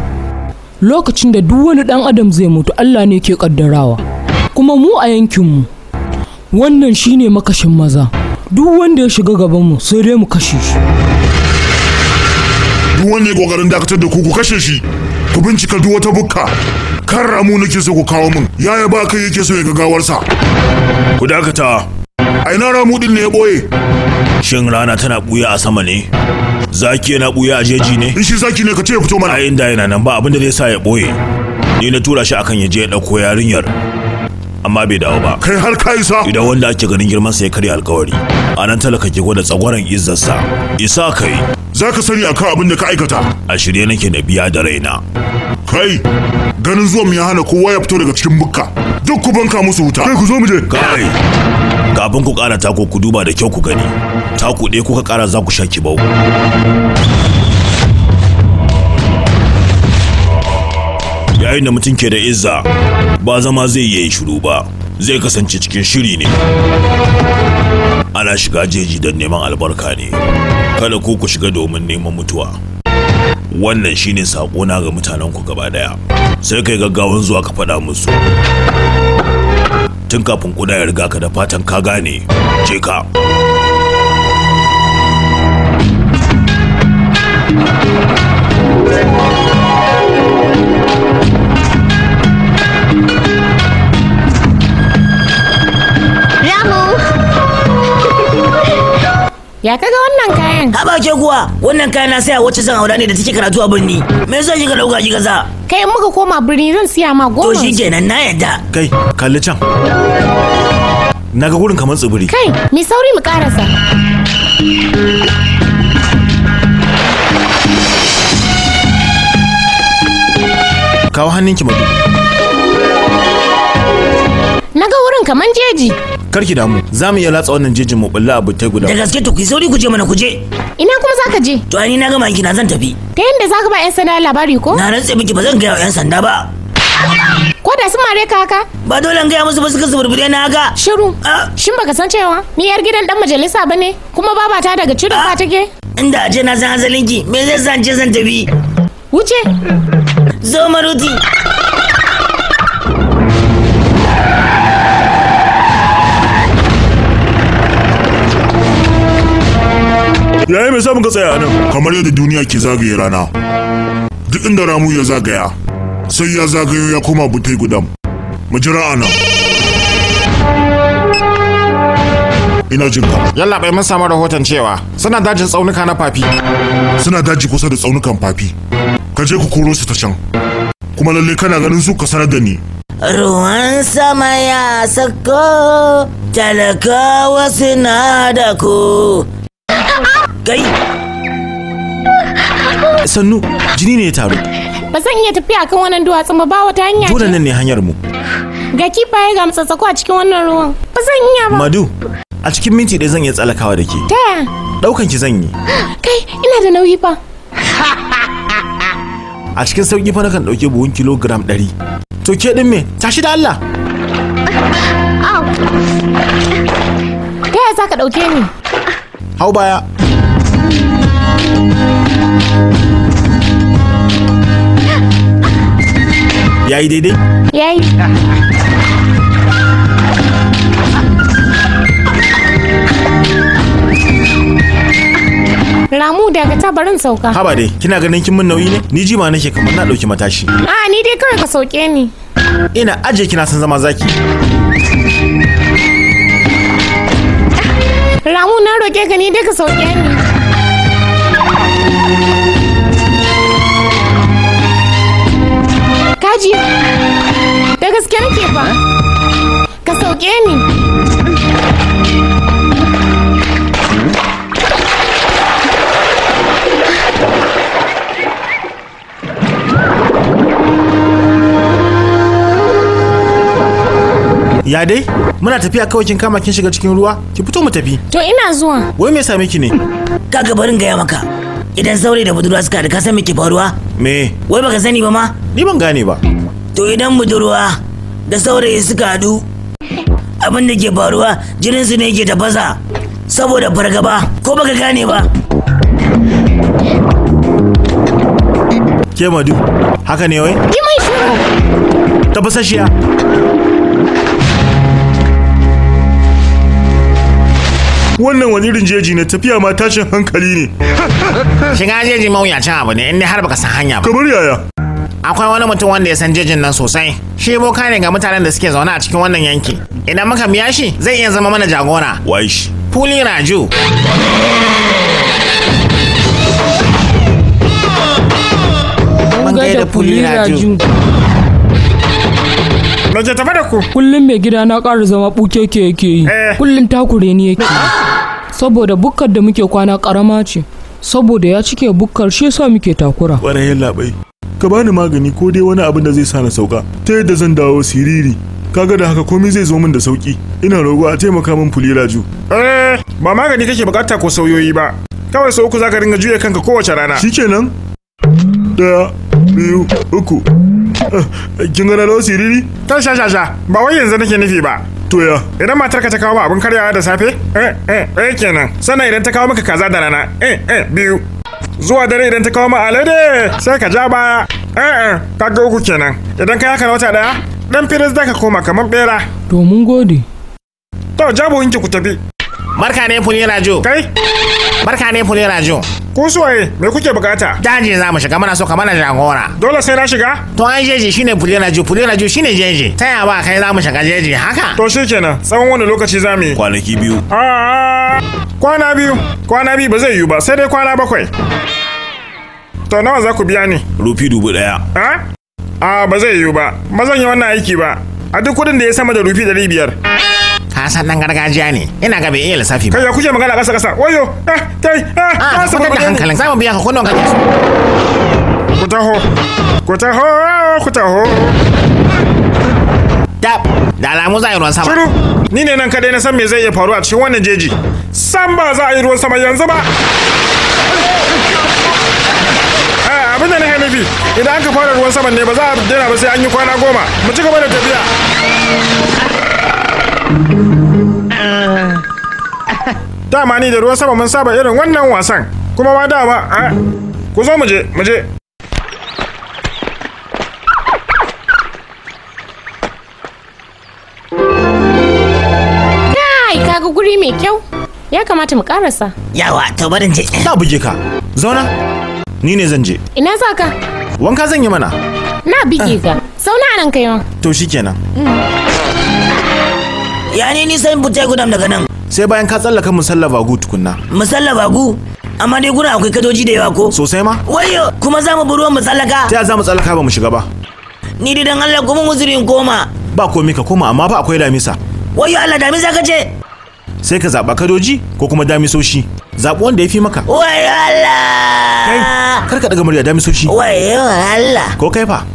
lokacin da duk wani dan adam zai mutu Allah ne ke kaddarawa kuma mu a yankinmu wannan shine makashin maza duk wanda ya shiga gaban mu sai dai mu kashe shi duk wanda ya kokarin dakatar da ku ku kashe shi ku bincika duk wata bukka kan ramu nake so ku kawo min yaya ba kai yake so ya ga gawarsa ku dakata a ina ramu din ne ya boye shin rana tana buya a sama ne zaki yana buya a jeji ne in shi zaki ne ka ce ya fito mana a inda yana nan ba abin da zai sa ya boye ni na tura shi akan ya je ya ɗauko yarinyar amma bai dawo ba kai har ka isa idan wanda ake ganin girman sa ya karya alkawari a nan talaka ke gwada tsagwaron sa. isa kai za ka sani akan abin da ka aikata a shirye nake na biya da raina kai ganin zuwan ya hana kowa ya fito daga cikin bukka duk ku banka musu wuta kai ku zo mu je kai kafin ku kara tako ku duba da kyau ku gani taku ɗaya kuka kara za ku sha kibau yayin da mutum ke da izza ba zama zai yi shiru ba zai kasance cikin shiri ne ana shiga jeji don neman albarka ne kada ku ku shiga domin neman mutuwa wannan shine na ga mutanen ku gaba daya sai kai gaggawan zuwa ka faɗa musu tun kafin kuda ya riga ka da fatan ka gane je ka Thank you. ya kaga wannan kayan haba ke kuwa wannan kayan na saya wacce zan aura ne da take karatu a birni me yasa kika dauka kika gaza? kai in muka koma birni zan siya ma goma to shi shikenan na yadda kai kalli can na ga gurin kamar tsibiri kai me sauri mu karasa kawo hannunki na naga wurin kamar jeji karki damu za mu iya latsa wannan jejin mu bulla abu ta guda da gaske to ku sauri ku je mana ku je ina kuma zaka je to ani na gama na zan tafi ta yanda zaka ba yan sanda labari ko na rantsa miki ba zan ga yan sanda ba ko da su mare ka haka ba dole gaya musu ba suka suburbure na haka shiru shin baka san cewa ni yar gidan dan majalisa ba ne kuma babata daga ka take inda aje na san asalinki me zai san je zan tafi wuce zo maruti yayi mai samun ka tsaya nan kamar yadda duniya ke zagaye rana duk inda ramu ya zagaya sai ya zagayo ya koma butai gudam mu jira a nan ina jin ka yalla bai mun samu rahoton cewa suna dajin tsaunuka na fafi suna daji kusa da tsaunukan fafi ka je ku koro su ta can kuma lalle kana ganin su ka sanar da ni ruwan sama ya sako talakawa suna da ku Gai! Sannu, jini ne ya taru. Ba zan iya tafiya kan wannan duwatsun ba ba wata hanya. Dole nan ne hanyar mu. Ga kifaye ga mutsatsako a cikin wannan ruwan. Ba zan iya ba. Madu, a cikin minti ɗaya zan iya tsalakawa da ke. Ta Ɗaukan ki zan yi. Kai, ina da nauyi fa. a cikin sauƙi fa nakan ɗauki buhun kilogram ɗari. To ke ɗin me? Tashi da Allah! Ta yaya za ka ɗauke ni? hau baya ya yi daidai? ya yi Ramu daga tabarin sauka. Haba dai, kina ganin kin mun nauyi ne? Ni jima nake kamar na ɗauki matashi. A ni dai kawai ka sauke ni. Ina aje kina san zama zaki. Ramu na roƙe ka ni daga sauke ni. Kaji, da gaske nake ba, ka sauke ni. ya dai muna tafiya kawai kin kama kin shiga cikin ruwa ki fito mu tafi to ina zuwa wai me same ki ne kaga barin gaya maka idan saurayi da budurwa suka da ka san me ke faruwa me wai baka sani ba ma ni ban gane ba to idan budurwa da saurayi suka haɗu abin da ke faruwa jinin su ne ke tafasa saboda fargaba ko baka gane ba ke madu haka ne wai ki mai Tafasashiya. wannan wani irin jeji ne tafiya ma tashin hankali ne shiga jeji mawuyacin abu ne inda har baka san hanya ba kamar yaya akwai wani mutum wanda ya san jejin nan sosai shi boka ne ga mutanen da suke zaune a cikin wannan yanki idan muka biya shi zai iya zama mana jagora wai shi puli raju da puli da ku. Kullum mai gida na ƙara zama ɓuke ke yake yi. Eh. Kullum takure ni yake. saboda bukkar da muke kwana karama ce saboda ya cike bukkar shi yasa muke takura ƙwararren labai ka bani magani ko dai wani abin da zai sa na sauka ta yadda zan dawo siriri kaga da haka komai zai zo min da sauki ina rogo a taimaka min fuliraju eh ba magani kake bukata ko sauyoyi ba kawai sau uku zaka ringa juya kanka kowace rana shikenan daya biyu uku eh, kin ga na siriri ta sha sha sha ba wai yanzu nake nufi ba toya idan matar ka ta kawo abin karyawa da safe eh, eh eh kenan sannan idan ta kawo maka kaza da rana eh eh biyu zuwa dare idan ta kawo ma alade sai ka ja baya eh eh ga uku kenan idan ka yaka na wata daya dan firis da ka koma kamar bera to mun gode to jabo yinki ku tafi Barka ne Fuli Rajo. Kai? Barka ne Fuli Rajo. Ku suwaye, me kuke bukata? Daji za mu shiga mana so kamar jagora. Dole sai na shiga? To an jeji shine Fuli Rajo, Fuli Rajo shine jeji. Ta ya ba kai za mu shiga jeji haka? To shikenan, tsawon wani lokaci za mu yi? Kwanaki biyu. Kwana biyu, kwana biyu ba zai yiwu ba, sai dai kwana bakwai. To nawa za ku biya ni? Rufi dubu ɗaya. ha A ba zai yiwu ba, ba zan yi wannan aiki ba. A duk kuɗin da ya sama da rufi ɗari biyar. ka san dan gargajiya ne ina ga bai iya lissafi ba kai ya kuke magana kasa kasa wayo eh kai eh ah, ka san da hankalin za mu biya ka kunnon kake ku taho ku taho ku taho da da alamu za a yi ruwan sama shiru ni ne nan kadai na san me zai iya faru a cikin wannan jeji san ba za a yi ruwan sama yanzu ba eh, abin da na nufi idan aka fara ruwan saman ne ba za a daina ba sai an yi kwana goma mu ci gaba da tafiya dama ni da ruwan sama mun saba irin wannan wasan kuma ma dama ku zo muje muje kai kaga guri mai kyau ya kamata mu karasa yawa to barin je na buge ka zauna ni ne zan je ina za ka wanka zan yi mana na bige ka zauna nan kai to shikenan mm. ya ne nisan bute gudam daga nan sai bayan ka tsallaka musalla bagu tukunna musalla bagu amma dai gurin akwai kadoji da yawa ko sosai ma wayo kuma za mu bi ruwan musallaka tsallaka ta za mu tsallaka ba mu shiga ba ni dai dan Allah kuma muzirin koma ba komai ka koma amma ba akwai damisa wayo Allah damisa ka ce sai ka zaba kadoji ko kuma damisoshi zaɓi wanda ya fi maka wayo Allah kai kar ka daga murya damisoshi wayo Allah ko kai fa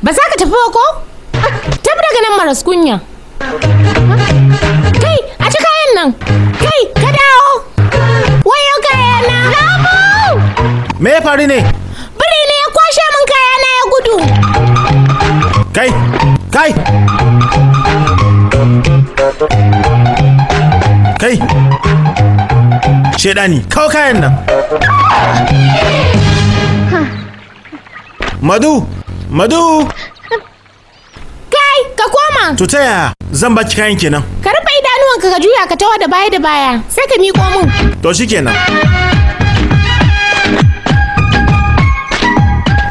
Ba za ka tafi ko? Tafi daga nan maras kunya. Kai, a ci kayan nan. Kai, ka dawo. Wayo kayana. Me ya faru ne? Biri ne ya kwashe min kayana ya gudu. Kai, kai. Kai. Shedani, kawo kayan nan. Madu! Madu! Kai, ka koma! To ta yaya zan baki kayan kenan? Ka rufe idanuwanka ka juya ka tawa da baya da baya, sai ka miƙo mun. To shikenan.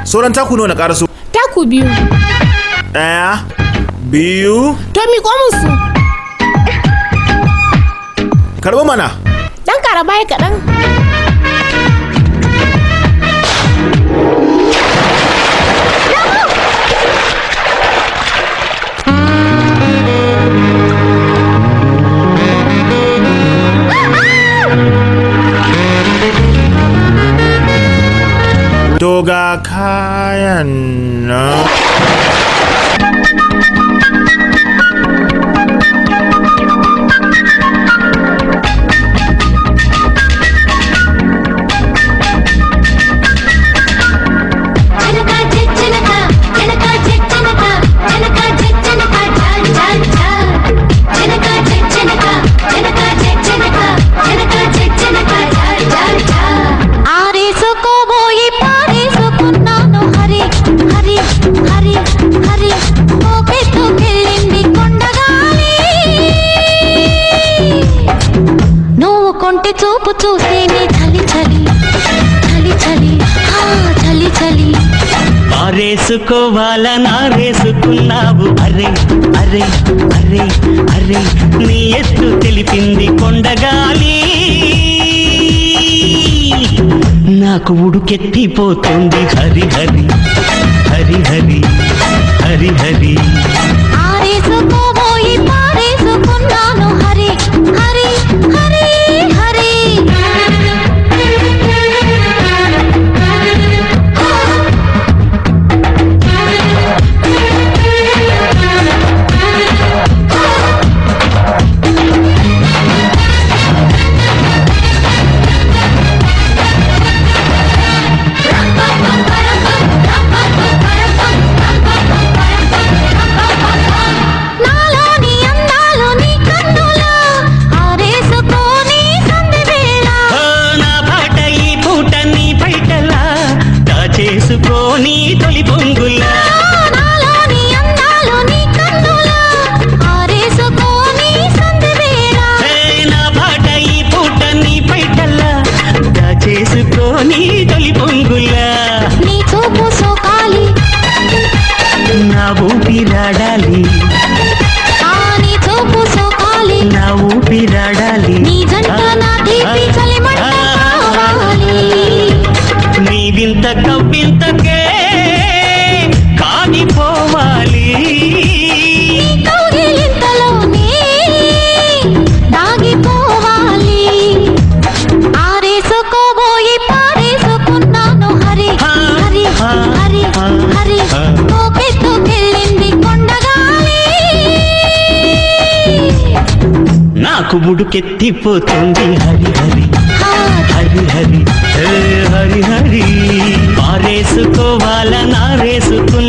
Sauran taku nawa na ƙaraso? Taku biyu. Ɗaya, biyu. To miƙo mun su. Karɓi mana. Ɗan ƙara baya kaɗan. Yoga Kaya, no. నారేసుకోవాల నారేసుకున్నావు అరే అరే అరే అరే నీ ఎత్తు తెలిపింది కొండగాలి నాకు ఉడుకెత్తిపోతుంది హరి హరి హరి హరి హరి హరి ఆరేసుకోబోయి పారేసుకున్నాను ఉడుకెత్తిపోతుంది హరి హరి హరి హరి హరి హరి పారేసుకోవాల నారేసుకు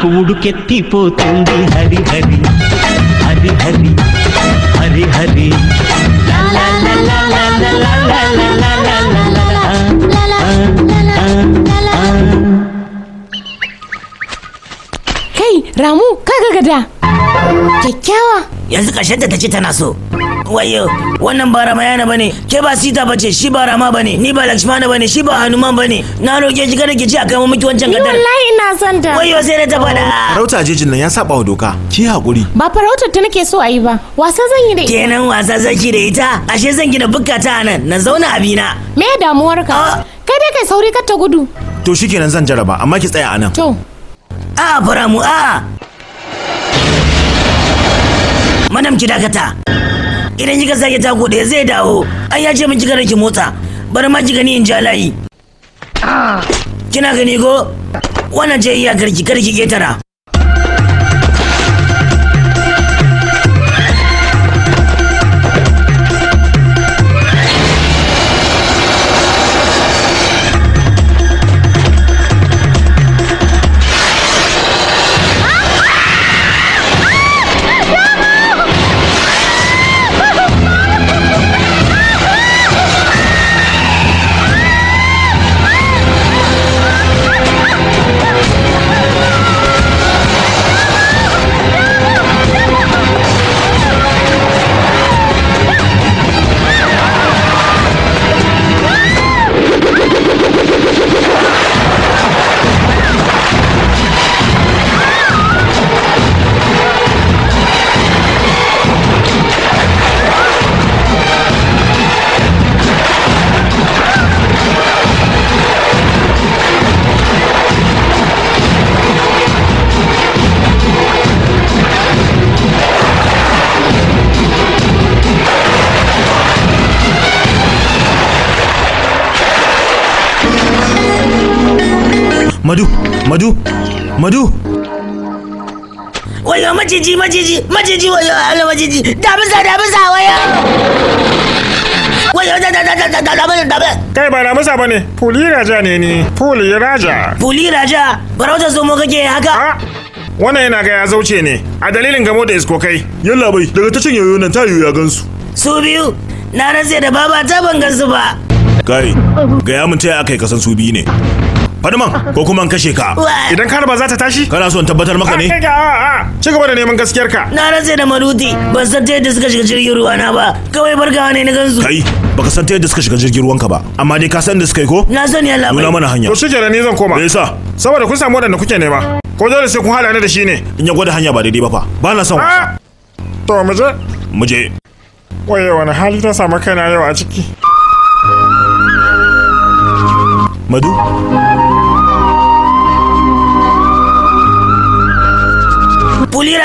పూడుకెత్తిపోతుంది హరి హరి హరి హరి హరి Hari Kai, Ramu, kaga gada. Kyakkyawa. Yanzu ƙarshen ta ce tana so. wayo wannan ba ramayana bane ke ba sita bace shi ba rama bane ni ba lakshmana bane shi ba hanuman bane na roke shi kada ki ci a kai miki wancan gadar ni wallahi ina son ta wayo sai na ta fada farauta jejin nan ya saba wa doka ki hakuri ba farautar ta nake so a yi ba wasa zan yi da ita kenan wasa zaki da ita ashe zan gina ta nan na zauna abina me damuwar ka ah. kai dai kai sauri kar ta gudu to shikenan zan jaraba amma ki tsaya anan to a faramu a madam ki dakata idan kika sake tako da zai dawo ai ya ce min kika ki motsa bar ma kika ni in ja layi ah. kina gani ko wannan ce iyakar ki kada ki ketara madu madu wayo maciji maciji maciji wayo ala maciji damisa damisa wayo wayo da da da da da da da da kai ba damisa bane puli raja ne ni puli raja puli raja barauta zo mu kake haka ah, wannan yana ga ya zauce ne a dalilin gamo da kai yalla bai daga ta cin yoyo nan ta yoyo ya gansu su biyu na rantse da baba ta ban gansu ba kai ga ya mun taya akai kasan su biyu ne faɗi ko kuma an kashe ka idan ka ba za ta tashi kana son tabbatar maka ne ah, ah, ah, ci gaba da neman gaskiyar ka na rantse da maruti ban san ta yadda suka shiga jirgin ruwa na ba kawai barkawa ne na gansu kai baka san ta yadda suka shiga jirgin ruwanka ba amma dai ka san da suka yi ko na ya Allah nuna mana hanya to shi ne zan koma me yasa saboda kun samu wadanda kuke nema ko dole sai kun hala ne da shi ne in ya gwada hanya ba daidai ba fa ba na son to muje. muje. mu waye wani hali ta samu kaina yau a ciki madu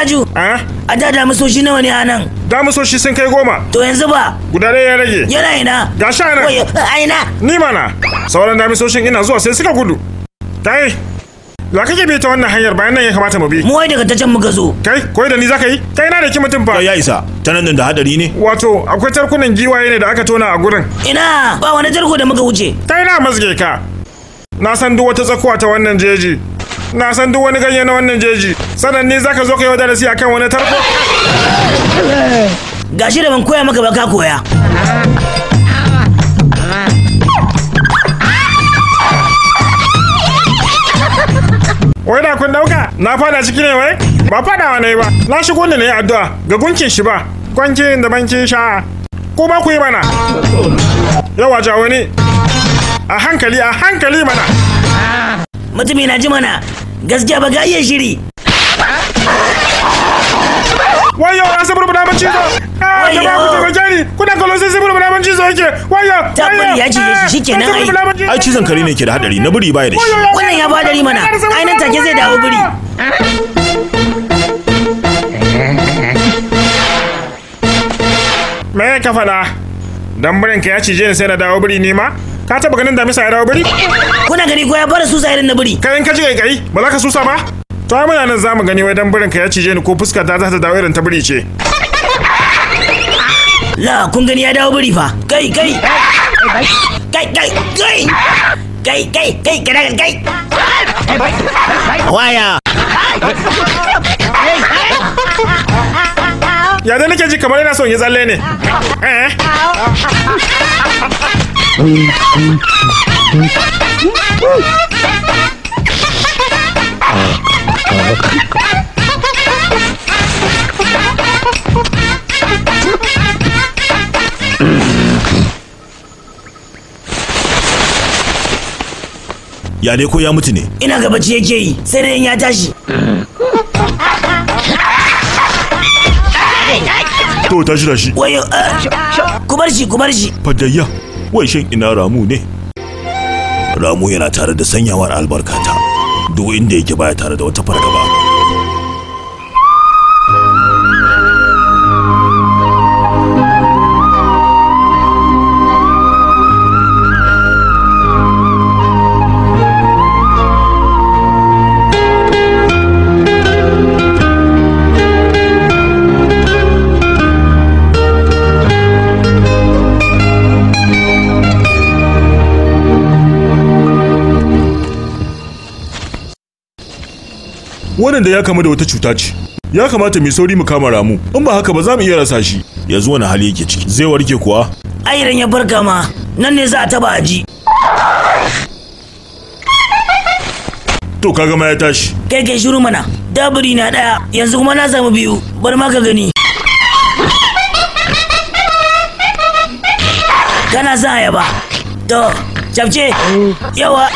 Alhaju. A da damisoshi nawa ne a nan? Damisoshi sun kai goma. To yanzu ba. Guda ɗaya ya rage. Yana ina. Ga sha ina. Aina. Ni mana. Sauran damisoshin ina zuwa sai suka gudu. Kai. Ya kake bi ta wannan hanyar bayan nan ya kamata mu bi. Mu wai daga ta can muka zo. Kai, koi da ni zaka yi? Kai na da ki mutum fa. Kai ya isa. Ta nan da hadari ne. Wato, akwai tarkunan giwaye ne da aka tona a gurin. Ina, ba wani tarko da muka wuce. Kai na masge ka. Na san duk wata tsakuwa ta wannan jeji. na san duk wani ganye na wannan jeji sanan ne zaka zo ka yi darasi akan wani tarko gashi da ban koya maka ba ka koya wai da kun dauka na fada ciki ne wai ba fadawa ne ba na shigo ne na yi addu'a ga gunkin shi ba gwankin da bankin sha ko ba ku yi mana yawa jawo ne. a hankali a hankali mana mutumi na ji mana gaskiya ba ga iya shiri wayo an sabu rubuta ban cizo ah, wayo da ku taimake ni kuna kallon sai sabu rubuta ban cizo yake wayo tabbari ya cije shi ah, shikenan ai ai cizon kare ne ke da hadari na buri baya da shi wannan ya ba hadari mana ai nan take zai dawo buri me ka faɗa dan ka ya cije ni sai na dawo buri ne ma ka taba ganin damisa ya dawo biri kuna gani ko ya bar susa irin na biri kayan kaji kai kai ba za ka susa ba to ai muna nan za mu gani wai dan birin ka ya cije ni ko fuska ta za ta dawo irin ta biri ce la kun gani ya dawo biri fa kai kai kai kai kai kai kai kai kai kai Kai! waya ya da nake ji kamar yana son ya tsalle ne eh ya dai ko ya mutu ne ina gaba ce yake yi sai da ya tashi to tashi da shi eh, ku bar shi ku bar shi fadayya wai shin ina ramu ne ramu yana tare da sanyawar albarkata duk inda yake baya tare da wata fargaba wannan da ya kama da wata cuta ce ya kamata mai sauri mu kama ramu in ba haka ba za mu iya rasa shi yanzu wani hali yake ciki zai warke kuwa ayran ya barka ma nan ne za a taba aji to kaga ma ya tashi kai kai shiru mana dabiri na daya yanzu kuma na samu biyu bar ma ka gani kana son ayaba to cabce yawa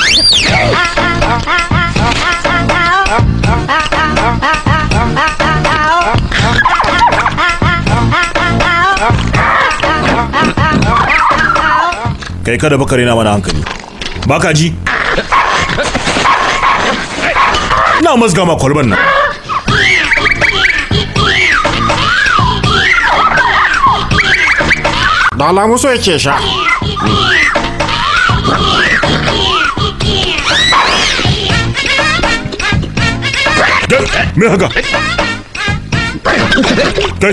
kai kada baka rena mana hankali baka ji na mazga ma kwalban nan da alamu so yake sha Dai, me haka? Dai.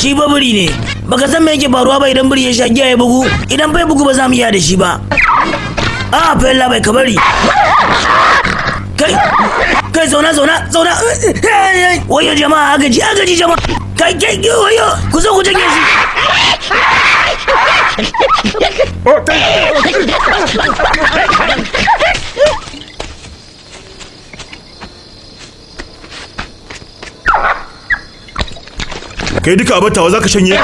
Shi baburi ne. Baka san me yake faruwa ba idan biri ya sha giya ya bugu, idan bai bugu ba za mu iya da shi ba. A fa yalla bai ka bari. Kai, kai zauna zauna zauna. Wayo jama'a agaji agaji jama'a. Kai kai wayo, ku zo ku jage shi. Oh, kai duka a battawa zaka shanye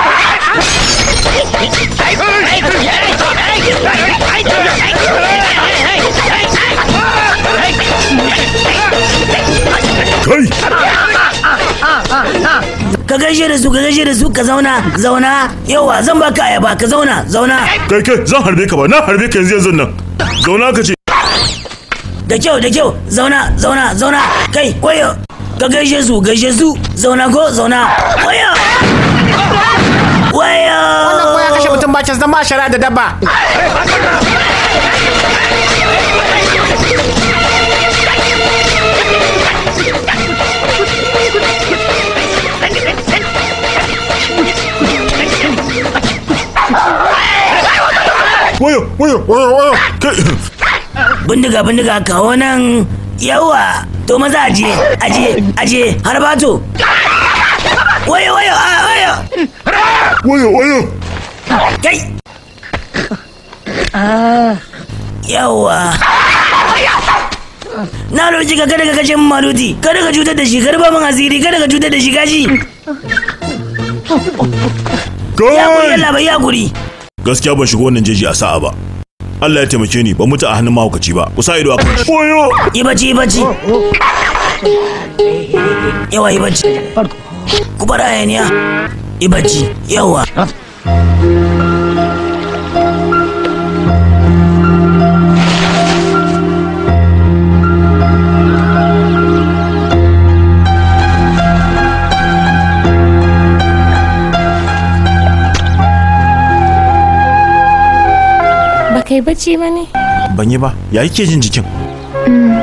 ka gaishe da su ka gaishe da su ka zauna zauna yawa zan baka ayaba ka zauna zauna kai kai zan harbe ka ba na harbe ka yanzu yanzu nan zauna ka ce da kyau da kyau zauna zauna zauna kai koyo ka gaishe su gaishe su zauna ko zauna waya waya wannan ko ya kashe mutum ba can zama shara da dabba Wayo, wayo, wayo, wayo, bindiga bindiga kawo nan yawa to maza aje aje aje har bato wayo wayo wayo wayo wayo kai yawa na roji ka kada ka kashe min maruti kada ka cutar da shi kada ba min asiri kada ka cutar da shi gashi ya kuri Allah bai ya kuri gaskiya ban shigo wannan jeji a sa'a ba Allah ya taimake ni ba mutu a hannun mahaukaci ba ku sa ido a kanshi koyo yi bacci yawa yi ku bar hayaniya yi yawa kai bacci ba ne? Ban yi ba, ya yi jin jikin? Mm.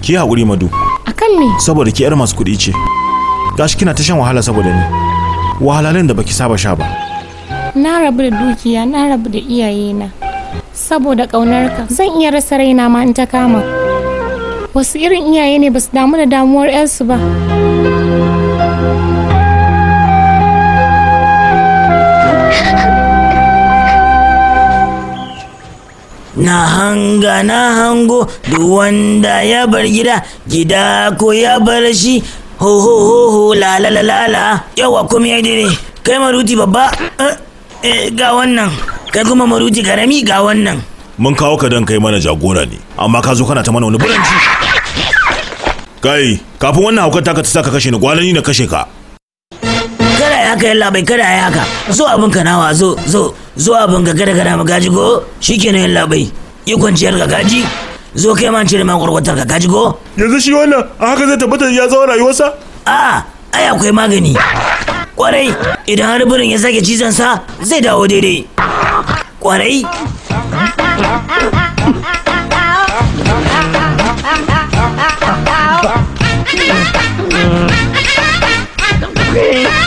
Ki haƙuri madu. A kan me? Saboda ki 'yar masu kuɗi ce. Gashi kina ta shan wahala saboda ni. Wahalalin da baki saba sha ba. Na rabu da dukiya, na rabu da iyayena. Saboda ƙaunarka, zan iya rasa raina ma in ta kama. Wasu irin iyaye ne ba su damu da damuwar 'yarsu ba. na hanga na hango duk wanda ya bar gida gida ko ya bar shi ho ho ho ho la la la la yawa kuma ya ne kai maruti babba eh, eh, ga wannan kai kuma maruti karami ga wannan mun kawo ka don kai mana jagora ne amma ka zo kana ta mana wani buranci kai kafin wannan haukar taka ta saka kashe ni gwalani na kashe ka ya haka yalla bai kada ya haka zo abin ka nawa zo zo zo abin ga gada gada magaji go shikenan yalla bai yi kwanciyar ga gaji zo kai man cire man kwarkwatar ga gaji go yanzu shi wannan a haka zai tabbata ya zama rayuwarsa a ai akwai magani kwarai idan har burin ya sake cizon sa zai dawo daidai kwarai Okay.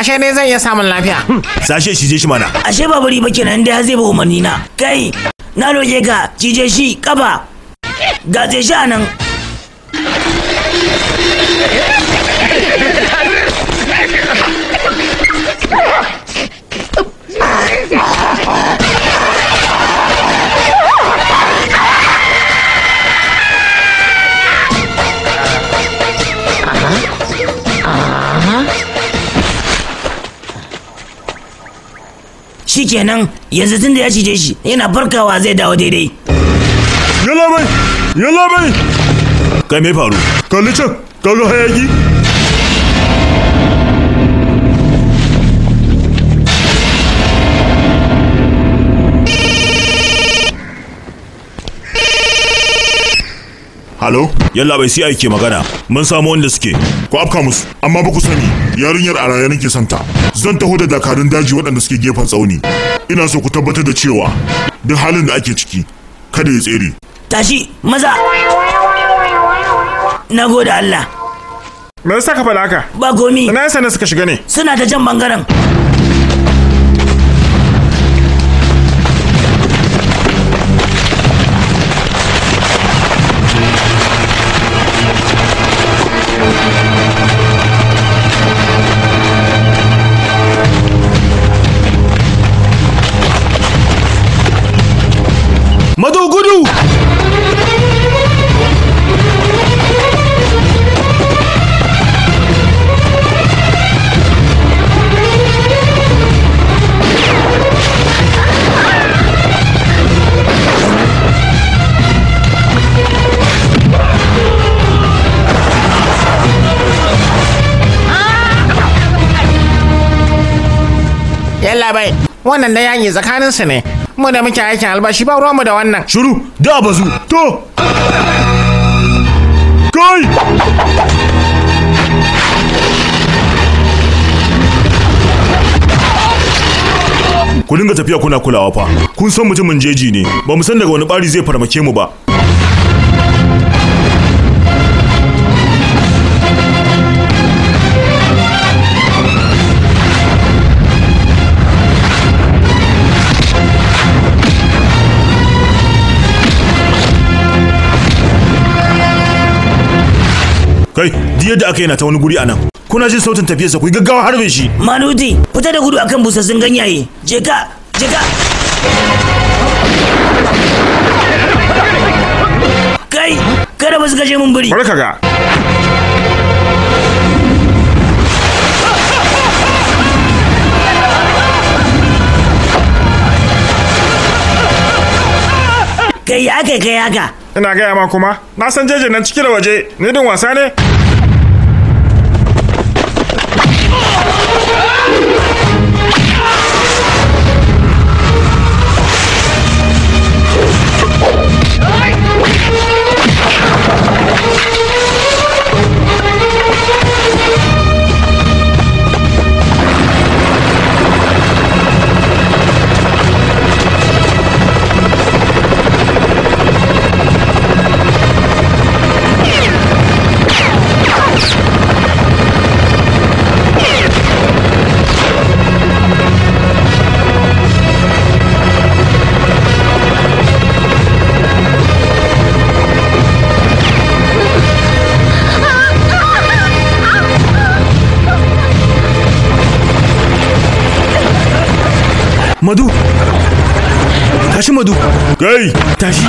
ashe ne zan iya samun lafiya sashe shi je shi mana ashe ba bari ba kenan dai zai ba umarni na kai na roƙe ka cije shi kafa gatse shi a nan Ah! shi kenan yanzu tun da ya cije shi yana farkawa zai dawo daidai yalla bai kai me faru kalli can kaga hayaki alo yalla bai sai aike magana mun samu wanda suke ku afka musu amma ba ku sani yarinyar a raye nake santa zan taho da dakarun daji waɗanda suke gefen tsauni ina so ku tabbatar da cewa duk halin da ake ciki kada ya tsere tashi maza na gode Allah me yasa ka faɗa haka ba gomi ina yasa ne suka shiga ne suna ta jan bangaren bai wannan da yaƙi tsakanin su ne mu da muke aikin albashi ba ruwanmu da wannan shiru da bazu to kai ku dinga tafiya kuna kulawa fa kun san mutumin jeji ne ba mu san daga wani bari zai farmake mu ba kai diyar da aka yana ta wani guri a nan kuna jin sautin tafiyarsa ku gaggawa harbe shi manuti fita da gudu akan busassun ganyaye je ka je ka kai kada ba su kashe mun biri bari kaga kai ya kai kai haka ina gaya ma kuma na san jeje nan ciki da waje ni din wasa ne madu tashi madu kai tashi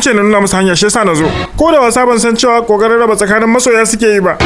kun ce na nuna musu hanya shi yasa na zo ko da wasa ban san cewa kokarin raba tsakanin masoya suke yi ba